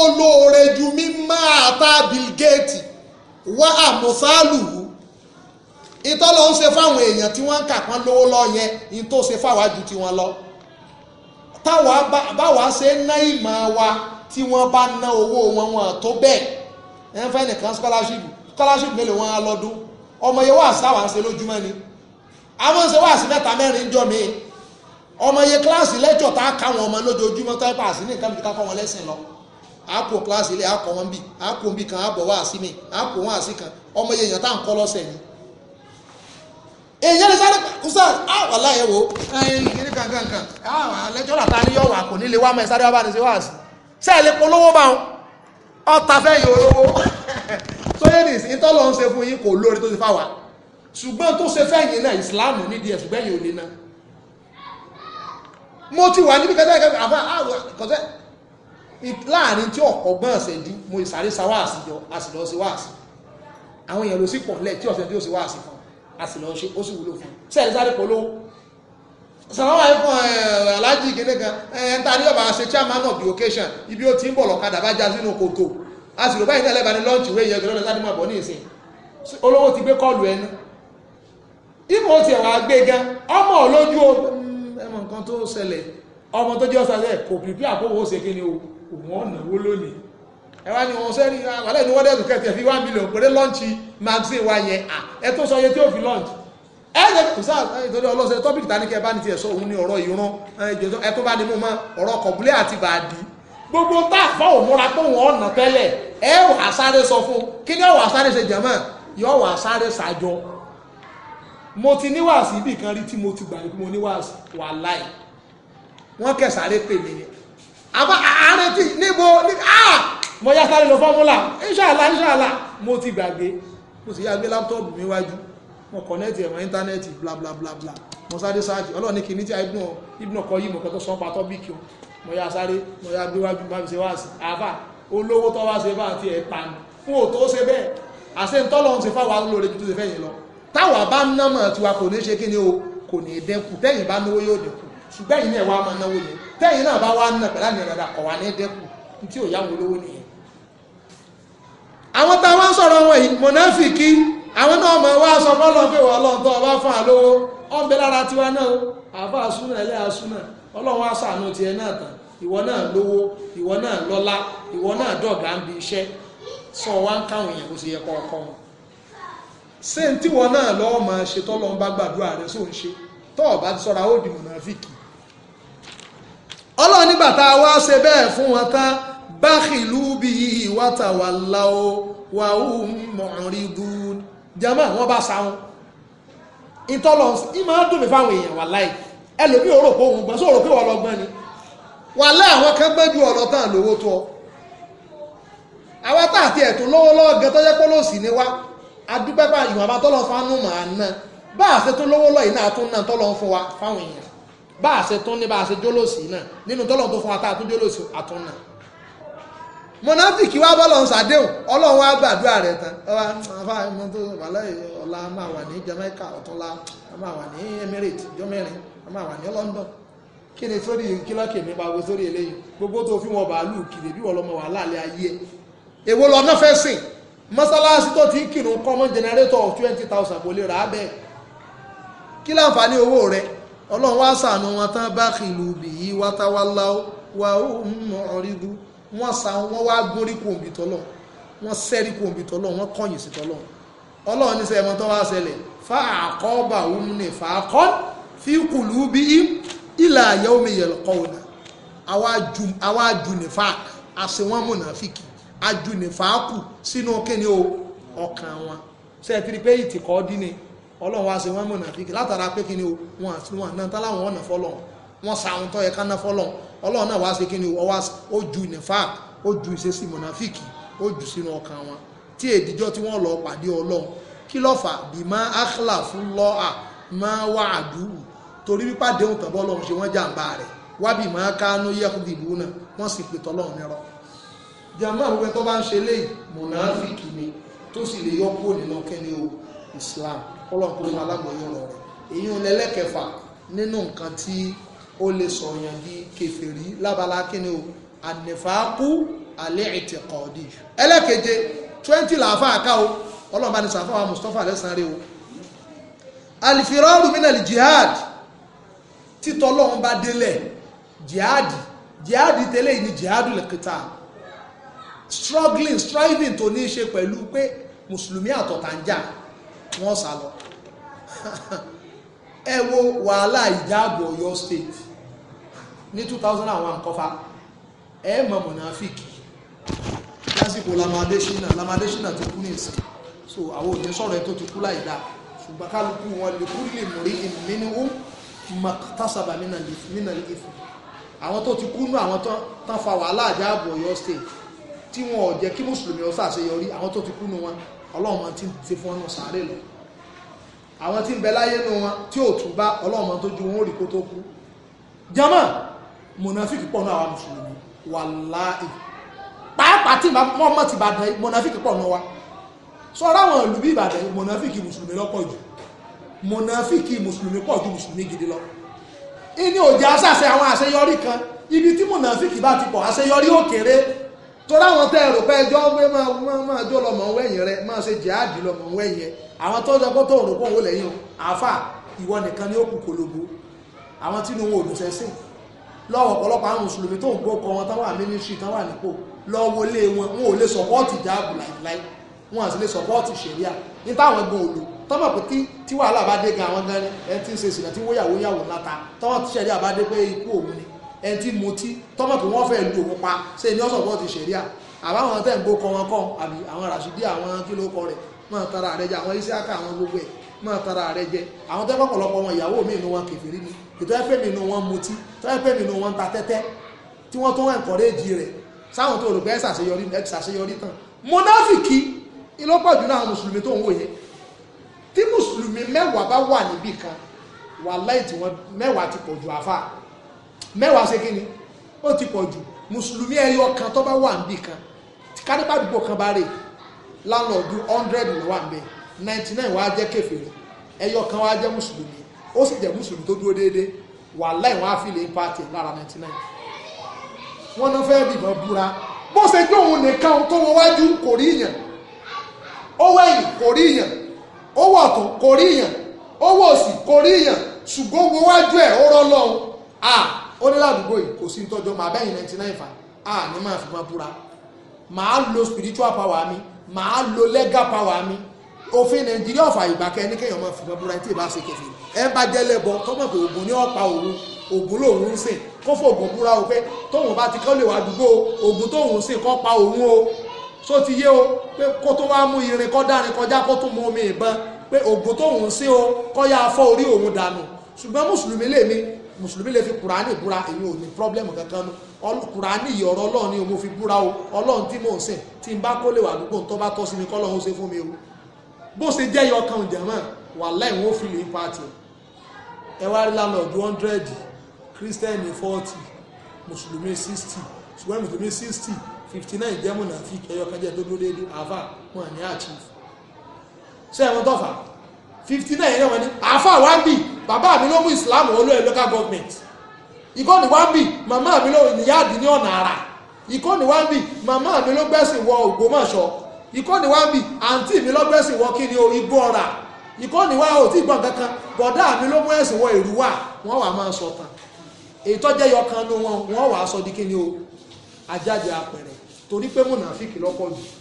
olóore ju mímọ́ àtà Bill Gates wá àmọ́sálù ìtọ́lọ̀ ń ṣe fáwọn èèyàn tí wọ́n ń kà pọ́n lówó lọ yẹn ní tó ṣe fáwa ju tiwọn lọ báwa ṣe ń ná ìmọ̀ wa tí wọ́n bá ná owó wọn wọn tó bẹ́ẹ̀ ẹ̀ ń fẹ́ nìkan scholarship scholarship mélòó wọn á lọ́dún ọmọ yẹn wà sáwà ń ṣe lójúmọ́ ni àwọn ń ṣe wá sí mẹ́ta mẹ́rin jọ mi ọmọ iye kíláàsì lẹ́jọ̀ tá a ká àwọn ọmọ lójoojúmọ́ tá a pa sí ní nǹkan mi ká kọ́ wọn lẹ́sìn lọ a kó kíláàsì ilé a kọ́ wọn bì a kó bì kan a bọ̀ wá sí mi a kó wọn àsì kan ọmọ iye èèyàn tá à ń kọ́ lọ́sẹ̀ ni. èèyàn lè sáré kùsà á wà láyé wo kíní kankan kan lẹ́jọ́ làtà ni yọ̀wà kò ní lè wá mọ́ ẹ sáré wá bá ní sí wá sí sẹ́ẹ̀ lè polówó bá wọn ọ̀tà fẹ́ yòó lówó sóyè nìsín tọ́lọ́ ń ṣe fún yín kò lórí tó ti fáwàá ṣùgbọ́n tó ṣe fẹ́yìn náà ìsìláàmù nídìí ẹ̀ ṣùgbẹ́yìn ò ní náà mo ti wà níbi kẹta ẹ̀kẹ́ àbá àwọn kọ̀tẹ́ láàrin tí ọ̀pọ̀gbọ́n ṣẹ̀jú mo ìsàrí sa wáàsí yọ àsìlọ́ sí wáàsí àwọn èèyàn ló sì pọ̀ lẹ̀ tí ọ̀sẹ̀ tí ó sì wáàsí fún àsìlọ́ ṣe ó sì wúlò fún sẹ́ẹ̀ sáré polówó sàlọ́wà ẹ̀fọ́ aláàjì gẹ́gẹ́ kan ẹ̀yẹn tàbí ọba ṣe chairman of the occasion ibi ó ti ń bọ̀ lọ́kadà bá já sínú kòtò àsìlọ́ báyìí tẹ́lẹ̀ bá ní lọ́ọ̀tì wéyẹ gẹ́gẹ́ lọ́dọ̀ sáré mọ̀ bọ́ ní ìsìn olówó ti gbé kọ́ọ̀lù ẹnu ìmọ̀ ti ẹ̀wà gbé gan ọmọ olójú mm, ẹmọ nǹkan tó ṣẹlẹ̀ ọmọ tó jẹ́ ọ̀sàlẹ̀ kò pìpì àpòwò ṣe kí ni òun ọ̀nàwó lónìí ẹwà ni wọ́n sẹ́ni àwàlẹ̀ ni wọ́n dẹ̀dùn kẹtẹ̀ fi one million pẹ̀lẹ́ lọ́ǹchì magazine wa yẹn à ẹ tó sọ iye tí ó fi lọ́ǹchì ẹ ẹ kò sáà ìtọ́jú ọlọ́sẹ̀ tọ́pìkì ta ní kẹ bá ní tiẹ̀ sọ òun ní ọ̀rọ̀ ìran ẹ tó bá ní mú mọ́ ọ̀rọ̀ kọ̀bùlẹ̀ àti bàdí gbogbo tá a fọ́ òmúra pé wọ́n ọ̀nà tẹ́lẹ̀ ẹ wà sáré sọ fún kí ni ọ̀wà sáré ṣe jẹ̀mọ́ yọ wà sáré ṣàjọ mo ti níwàásí ibì kan rí tí mo ti gbà wípé mo níwàásí wà láì wọ́n kẹsàárẹ́ pè mí ni àmọ́ àárẹ̀ tí níbo mo yá sáré lọ fọ́múlà inṣàlá inṣàlá mo ti gbàgbé mo sì yá gbé láptọ́ọ̀bù mi wájú mo kọ̀nẹ́ẹ̀tì ẹ̀mọ́ íńtánẹ́ẹ̀tì bla bla bla bla mo sáré sáájì ọlọ́ọ̀ni kìíní tí ibùn ibùn ọkọ̀ yìí mo kọ́ tó sọ pa tọ́bíkì o mo yá sáré mo yá gbé wájú bá mi ṣe wáàsì àbá olówó tó wá ṣe bá àti ẹ̀ pa mi fún òtó ṣe bẹ́ẹ̀ àṣẹ ń tọ́lọ́ ń fáwọn olóore ju ṣe fẹ́ lọ táwa bá ń námọ̀ tiwa kò ní ṣe kí ni o kò ní dẹ́kù tẹ́yìn bá náwó yóò dẹ́kù ṣùgbọ́n ẹ̀yin náà wá máa náwó yẹn tẹ́yìn náà bá wá ná pẹ̀lá ní ìrọ̀dà kọ̀ wá ní dẹ́kù tí ò yáwó lówó nìyẹn. àwọn táwa ń sọ̀rọ̀ wọn yìí mọ̀nàfìkì àwọn náà mọ̀ wá sọ fọ́lọ́ pé wọ́n lọ́n tó ọba fún àlówó ọ̀n bẹ lára tiwa náà àbá asúnà ṣé n tí wọn náà lọ́wọ́ máa ṣe tọ́lọ́ ń bá gbàdúrà rẹ sóun ṣe tọ́ ọ̀bá ti sọ́ra ó di mùnàfíkì ọlọ́run nígbà tá a wá ṣe bẹ́ẹ̀ fún wọn tán bákìlú bí ìwátàwálá o wà ó mọ̀rìndú jama wọn bá sáwọn ìtọ́lọ̀ ìmọ̀ dùn mí fáwọn èèyàn wà láì ẹlòmí ò rò pé òun gbọ́n sọ rò pé wọ́n lọ gbọ́n ni wà láì àwọn kan gbẹ́ ju ọ̀rọ̀ tán lówó tó ọ àwa tá ẹ̀tún lọ́wọ́lọ́wọ́ gan tó ni wá adúpẹ́pà ìwọ̀nba tọ́lọ́ fánú màá ná bá a ṣe tún lówó lọ́yìn náà tún náà tọ́lọ́ fún wa fáwọn èèyàn bá a ṣe tún ní bá a ṣe jólòsì náà nínú tọ́lọ́ tó fún wa tá a tún jólòsì àtún náà mọ̀nàfíkì wá bọ́lọ̀ ń sàdéhùn ọlọ́run wá gbàdúrà rẹ̀ tán ọba àfáà ẹ̀mọ́ tó wàlẹ́ ọ̀la máa wà ní Jamaica ọ̀túnla máa wà ní Emirates jọmẹ́rin máa wà ní London kí ni sórí kílọ́kì mi pàgọ́ sórí eléyìí gbogbo tó fi wọn bàálù kiri bí wọn lọ́mọ wà láàlẹ́ ayé èwo lọ́nà fẹ́ sìn mọ́sálásí tó ti kírun common generator of twenty thousand kò lè rà á bẹ́ẹ̀ kí láǹfààní owó rẹ̀ ọlọ́run wá sànù wọn tán bá kìlù bìyí wátawálá wa ó mọ ọ̀rígun wọ́n sa wọ́n wá gbórí kòǹbì tọ́lọ̀ wọ́n sẹ́rí kòǹbì tọ́lọ̀ wọ́n kọ̀yìn sí tọ́lọ̀ ọlọ́run ní sẹ́yìn mọ́tọ́ wá ṣẹlẹ̀ fa àkọ́bà òun ní fa àkọ́ fi kùlù bí ìlà àyẹ̀wò mi yẹ̀lọ́kọ́ òun náà àwa jù ní fa àṣewọ́n mọ̀nà fìkì ajúnìfàákù sínú kíni o ọkàn wọn ṣe é tiri pé ìtìkọ́ dín ni ọlọ́run wá sí wọn mọ̀nà àfikì látara pé kíni o wọn àti wọn náà tán láwọn ọ̀nà fọlọ́run wọn sa àwọn tó yẹ ká ná fọlọ́run ọlọ́run náà wá sí kíni o ọwá ó ju nìfàk ó ju ìṣesí mọ̀nàfíkì ó jù sínú ọkàn wọn tí èdìjọ́ tí wọ́n lọ pàdé ọlọ́run kí ló fà bí má áhàlà fún lọ́à má wà àdúrù torí wípàdé òǹtàbọ́ ọlọ́run ṣe wọ́n jàǹbá rẹ̀ wábì má kánú yẹ́kùdìbù náà wọ́n sì pètọ́ ọlọ́run mẹ́rọ̀ọ́ jàmá àwọn tó bá ń ṣe léyìí mùnàfíkì ni tó sì lè yọ kúrò nínú kẹ́lẹ́ o Islam ọlọ́run kò fún alágbọ̀yọ̀ rẹ̀ èyí ò lẹ́lẹ́kẹfà nínú nǹkan tí ó lè sọ̀yàn di kèfèrí lábala kíni o ànífàákú alẹ́ ìtìkọ̀ọ́dì ẹlẹ́keje twenty làáfàá ká o ọlọ́run bá ní sàfáwà Mustapha lẹ́sàn-án rẹ o alifiraru minal jihad títọ́ ọlọ́run bá délẹ̀ jihad jihad tẹ́lẹ̀ yìí ni jihad lẹ́kẹta struggling striving to ní í ṣe pẹ̀lú pé mùsùlùmí àtọ̀tà ń jà wọ́n sá lọ ẹ wo wàhálà ìjáàbò Ọ̀yọ́ state ní 2001 kọfà ẹ mọ̀ mọ̀nàfíkì lásìkò lamadéṣínà lamadéṣínà ti kú ní ìsìn so àwọn òní sọ̀rọ̀ ẹ tó ti kú láì dáa ṣùgbọ́n kálukú wọn lè kú lè mọ̀rí ìmínú mọ̀tásàbà nínà ìfún àwọn tó ti kú nú àwọn tán fa wàhálà ìjáàbò Ọ̀yọ́ state tí wọn ò jẹ́ kí mùsùlùmí ó ṣàṣeyọrí àwọn tó ti kú nu wọn ọlọ́run máa ti ṣe fún ọ̀nà sàárè lọ àwọn tí ń bẹ láyé nu wọn tí ò tún bá ọlọ́run máa tó ju wọn ó rí kó tó kú jama mùnàfíkì pọ̀ náà àwọn mùsùlùmí wàláì pàápàá tí wọ́n mọ̀ ti bàdàn mùnàfíkì pọ̀ náà wa sọ́ra àwọn ìlú bí ìbàdàn mùnàfíkì mùsùlùmí lọ́pọ̀ jù mùnàfíkì mùsùlùmí pọ̀ ju mùsùlùmí gidi lọ inú òjò àṣàṣe àwọn àṣeyọrí kan ibi tí mùnàfíkì bá ti pọ̀ àṣeyọrí ó kéré torí àwọn tẹ́ ẹ̀rọ pé ẹjọ́ pé máa jó lọ́mọ wẹ̀yìn rẹ máa ṣe jihadi lọ́mọ wẹ̀yìn ẹ àwọn tó sọ pé tó rò pé òun lẹ́yìn o àáfà ìwọ nìkan ni ó kù kolobo àwọn tí inú wọn ò dùn sẹ́sìn lọ́wọ́ ọ̀pọ̀lọpọ̀ àwọn mùsùlùmí tó ń gbó kọ wọn tán wà mínísírì tán wà nípò lọ́wọ́ lé wọn wọn ò lè sọ́pọ́ọ̀tì jáàbù láìláì wọn àti lè sọ́pọ́ọ̀tì ṣẹ̀ríà ní táwọn ẹgbẹ́ òòlù tọ́mọ̀ pé tí tí wàhálà bá dé gan àwọn gan ẹni tí ń ṣe ìsìnà tí wọ́yàwó yàwó ńlá ta tọ́wọ́ tí ṣẹ̀ríà bá dé pé ikú òun ni ẹni tí mo ti tọ́mọ̀ pé wọ́n fẹ́ lu òun pa ṣé ní ọ̀sán bọ́ọ̀ ti ṣẹ̀ríà àbáwọn tẹ́ ń gbó kọ́ wọn kọ́ àbí àwọn ràṣídì àwọn kí ló kọ rẹ̀ máa tara rẹ̀ jẹ àwọn iṣẹ́ká àwọn gbogbo ẹ̀ máa tara rẹ̀ jẹ àwọn tẹ́ pọ̀pọ̀lọpọ̀ wọn ìyàwó mi inú wọn kẹfìrí ni ètò ẹ̀fẹ́ mi inú wọn mutí tó ẹ̀fẹ́ mi inú wọn ta tẹ́tẹ́ tí wọ́n tó wọn ẹ̀kọ́rẹ́jì rẹ̀ sáwọn tó rò pé ṣàṣeyọrí ṣàṣeyọrí tán mọ́náfìkì ìlọ́pọ̀jù náà mùsùlùmí tó ń wò yẹn tí mùsùlùmí mẹ́wàá bá wà níbì kan wàláì tí wọ́n mẹ́wàá ti pọ̀jù àfáà mẹ́wàá ṣe kíni ó ti pọ̀ jù mùsùlùmí ẹyọ kan tó bá wà níbì kan kánípà àdúgbò kan bá rè lálọ́ọ̀dù hundred ló wà níbẹ̀ ninety nine wàá jẹ́ kèfèrí ẹyọ kan wàá jẹ́ mùsùlùmí ó sì jẹ́ mùsùlùmí tó dúró déédéé wà láì wọ́n á fi lè pàtì lára ninety nine wọ́n náà fẹ́ẹ́ bìbọn búra bó ṣe jẹ́ òun nìkan tó wọ́n wájú kò rí yàn ó wẹ̀yìn kò rí yàn ó wọ̀tún kò rí yàn ó wọ̀sì kò rí yàn ṣùgbọ́n wọ́n wájú ẹ̀ ó rọ́ lọ́hùn ó ní ládùúgbò yìí kò sí tọ́jọ́ máa bẹ́yìn ninety nine fa ah ní máa fi máa búra máa lo spiritual power mi máa lo legal power mi òfin nàìjíríà ọ̀fà ìgbàkẹ́ ní kéèyàn máa fi máa búra tí ì bá ṣe kẹfì ẹ bá jẹ́ lẹ́bọ tọ́mọ̀ pé ògùn ní ọ̀pá òru ògùn lòun ń sìn kó fògùn búra o pé tóun bá ti kọ́ lè wá dùgbò ògùn tóun ń sìn kọ́ pa òun o só ti yé o pé kó tó wá mú irin kọ́ dárin kọjá kó tó mú omi ìbọn pé ògùn tóun ń sìn o kọ́ yá afọ́ orí òun dànù ṣùgbọ́n mùsùlùmí lèmi mùsùlùmí lè fi kùránì búra èmi ò ní pọ́blẹ́mù kankan nu kùránì yìí ọ̀rọ̀ ọlọ́run ni mo fi búra o ọlọ́run tí mò ń sìn tí n bá kó lè wà dúgbò tó bá tọ́ sí mi kọ́lọ́run ó ṣe fún mi o bó ṣe jẹ́ yọ kan jẹ̀mọ́ wàláhì wọ́n fi lè pàtì ẹ wá rí lálọ́ọ̀dù hundred kírísítẹ́nì forty mùsùlùmí sixty ṣùgbọ́n mùsùlùmí sixty fifty nine jẹ́ mùnàfíkì ẹyọ kan jẹ́ tó déédéé àáfà wọn ní àchíf ṣé ẹ̀wọ̀n fifty nine yẹn wọ́n ní àáfà one b bàbá mi ló mú islam olú ẹ̀ local government ìkọ́ni one b màmá mi ló ìyá àdín ní ọ̀nà àrà ìkọ́ni one b màmá mi ló gbẹ́sìn wọ Ògbómọ̀ṣọ́ ìkọ́ni one b àǹtí mi ló gbẹ́sìn wọ kíni o igbó ọ̀rà ìkọ́ni wa ò tí ì gbọ́n kankan bọ̀dá mi ló mú ẹ̀sìn wọ ìlú wa wọ́n wà máa sọ tán èyí tọ́jẹ́ yọkan ní wọn wọ́n wà á sọ di kíni o ajáde àpẹẹrẹ torí pé mùnàfíkì lọ́pọ̀ jù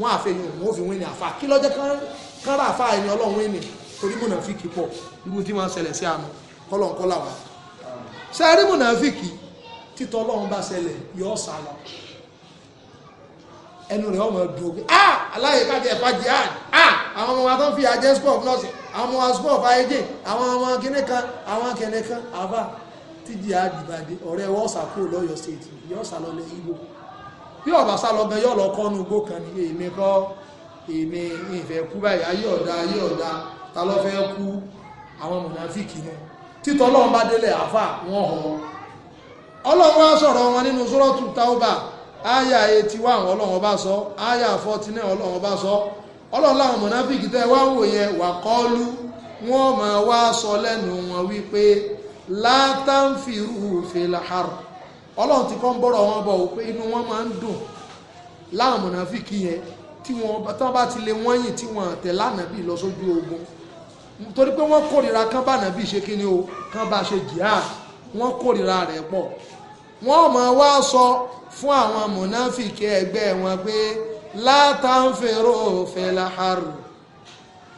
wọ́n àfẹ́yìn òun ó fi wín ní àfà kí lọ́jẹ́ kán rà àfà ẹni ọlọ́run wín ní torí mùnàfíkì pọ̀ irú tí wọ́n ṣẹlẹ̀ sí àná kọ́lọ̀ńkọ́lá wa ṣe rí mùnàfíkì títọ́ ọlọ́run bá ṣẹlẹ̀ yọ sá lọ ẹnu rẹ̀ ọmọ ẹdùn òkè ah aláyè kájẹ ẹ̀fà jẹ ah àwọn ọmọ wa tó ń fi àjẹ sport nọ́ọ̀sì àwọn ọmọ wa sport fàáyéjì àwọn ọmọ kíní kan àwọn kẹ̀nẹ̀ kan àbá tíjì àdìbàdì ọ̀rẹ́ wọ́ọ̀sà kúrò lọ́yọ̀ state yọ̀ọ̀sà lọ lẹ́yìn bí ọ̀bá sá yọọ gan yọ́ lọ kọ́ ní ugbó kan èmi kọ́ èmi kú báyìí ayé ọ̀dá ayé ọ̀dá ta àwọn mùnàfíkì nù títọ ọlọ́run bá délẹ̀ àfà họ wọn nínú sọ́rọ̀tù táúbà etí wà bá sọ náà wọn ọlọ́run ti kọ́ ń bọ́rọ̀ wọn bọ̀ pé inú wọn máa ń dùn láwọn mọ̀nàfíkì yẹn tí wọ́n bá ti lè wọ́n yìn tí wọ́n tẹ̀ lánàbí lọ sójú ogun torí pé wọ́n kórìíra kán bá nàbí ṣe kí ni o kán bá ṣe jihad wọ́n kórìíra rẹ̀ pọ̀ wọ́n máa wá sọ fún àwọn mọ̀nàfíkì ẹgbẹ́ wọn pé látàǹfẹ̀rọ̀ fẹ́lá harù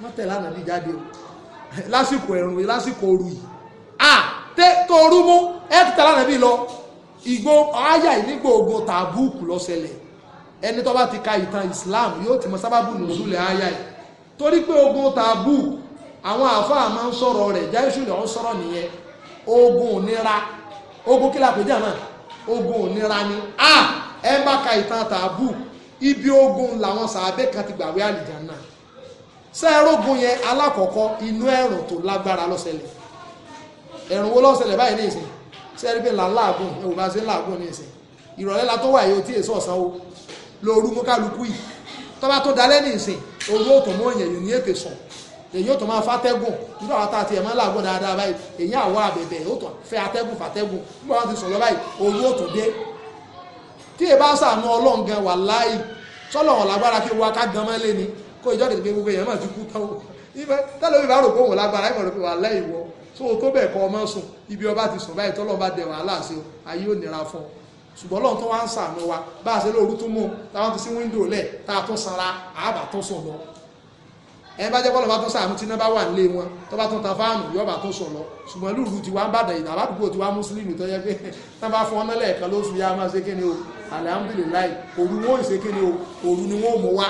wọ́n tẹ̀ lánàbí jáde o lásìkò ẹ̀rùn lásìkò òru yìí à tẹ́ tó rú mú ẹ̀ tẹ̀ lánàbí lọ ìgbó àáyà ìnígbò ogun tàbúùkù lọ́sẹ̀lẹ̀ ẹni tó bá ti ka ìtàn Islam yóò ti mọ sábàbù nùzúlẹ̀ àáyà yìí torí pé ogun tàbúùkù àwọn àáfàá máa ń sọ̀rọ̀ rẹ̀ jáìsù lọ́n sọ̀rọ̀ nìyẹn ogun ònira ogun kí la pè jà náà ogun ònira ni a ẹ bá ka ìtàn tàbúùkù ibi ogun làwọn sàábẹ́ kan ti gbàwé àlìjánnà sẹ́ẹ̀rógun yẹn alákọ̀ọ́kọ́ inú ẹ̀rùn tó lágbára lọ́sẹ̀lẹ̀ ẹ̀rùn wo lọ́sẹ̀lẹ̀ báyìí ní ìsìn sẹ́rí pé làágùn ẹ̀wò bá ṣe làágùn ní ìsìn ìrọ̀lẹ́ la tó wà yóò tí èso ọ̀sán o lóru mú kálukú yìí tó bá tó dalẹ́ ní ìsìn òru òtò mọ́ èèyàn yìí ní ètè sùn èyí òtò máa fàtẹ́gùn nígbà wọn tààtì ẹ̀ máa làágùn dáadáa báyìí èyí àwọ̀ àbẹ̀bẹ̀ òtò fẹ́ atẹ́gùn fàtẹ́gùn nígbà wọn ti sùn báyìí òru òtò dé tí ẹ bá sàánú ọlọ́run wà láàyè sọ́lọ̀ ni kó ìjọ́dẹ̀ gbogbo èèyàn máa ti kú tán o ìfẹ́ so tó bẹ̀ kọ́ ọmọ sùn ibi ọba ti sùn báyìí tọ́lọ́ bá dẹ̀ wàhálà sí o ayé ò nira fún ọ ṣùgbọ́n lọ́n tó wá ń sàánú wa bá a ṣe lóòrú tó mú táwọn ti sí wíńdò lẹ̀ tá a tún sanra àábà tún sùn lọ ẹ bá jẹ́ bọ́lọ̀ bá tún sàánú tí iná bá wà nílé wọn tó bá tún ta fáànù yóò bá tún sùn lọ ṣùgbọ́n lúùrù ti wá ń bàdàn ìdá àbádùgbò ti wá mùsùlùmí tó yẹ pé tá a bá fún ọ́nà lẹ́ẹ̀kan lóṣù yá máa ṣe kíni o alihamudulilayi òru wọn ò ṣe kíni o òru ni wọn ò mú wa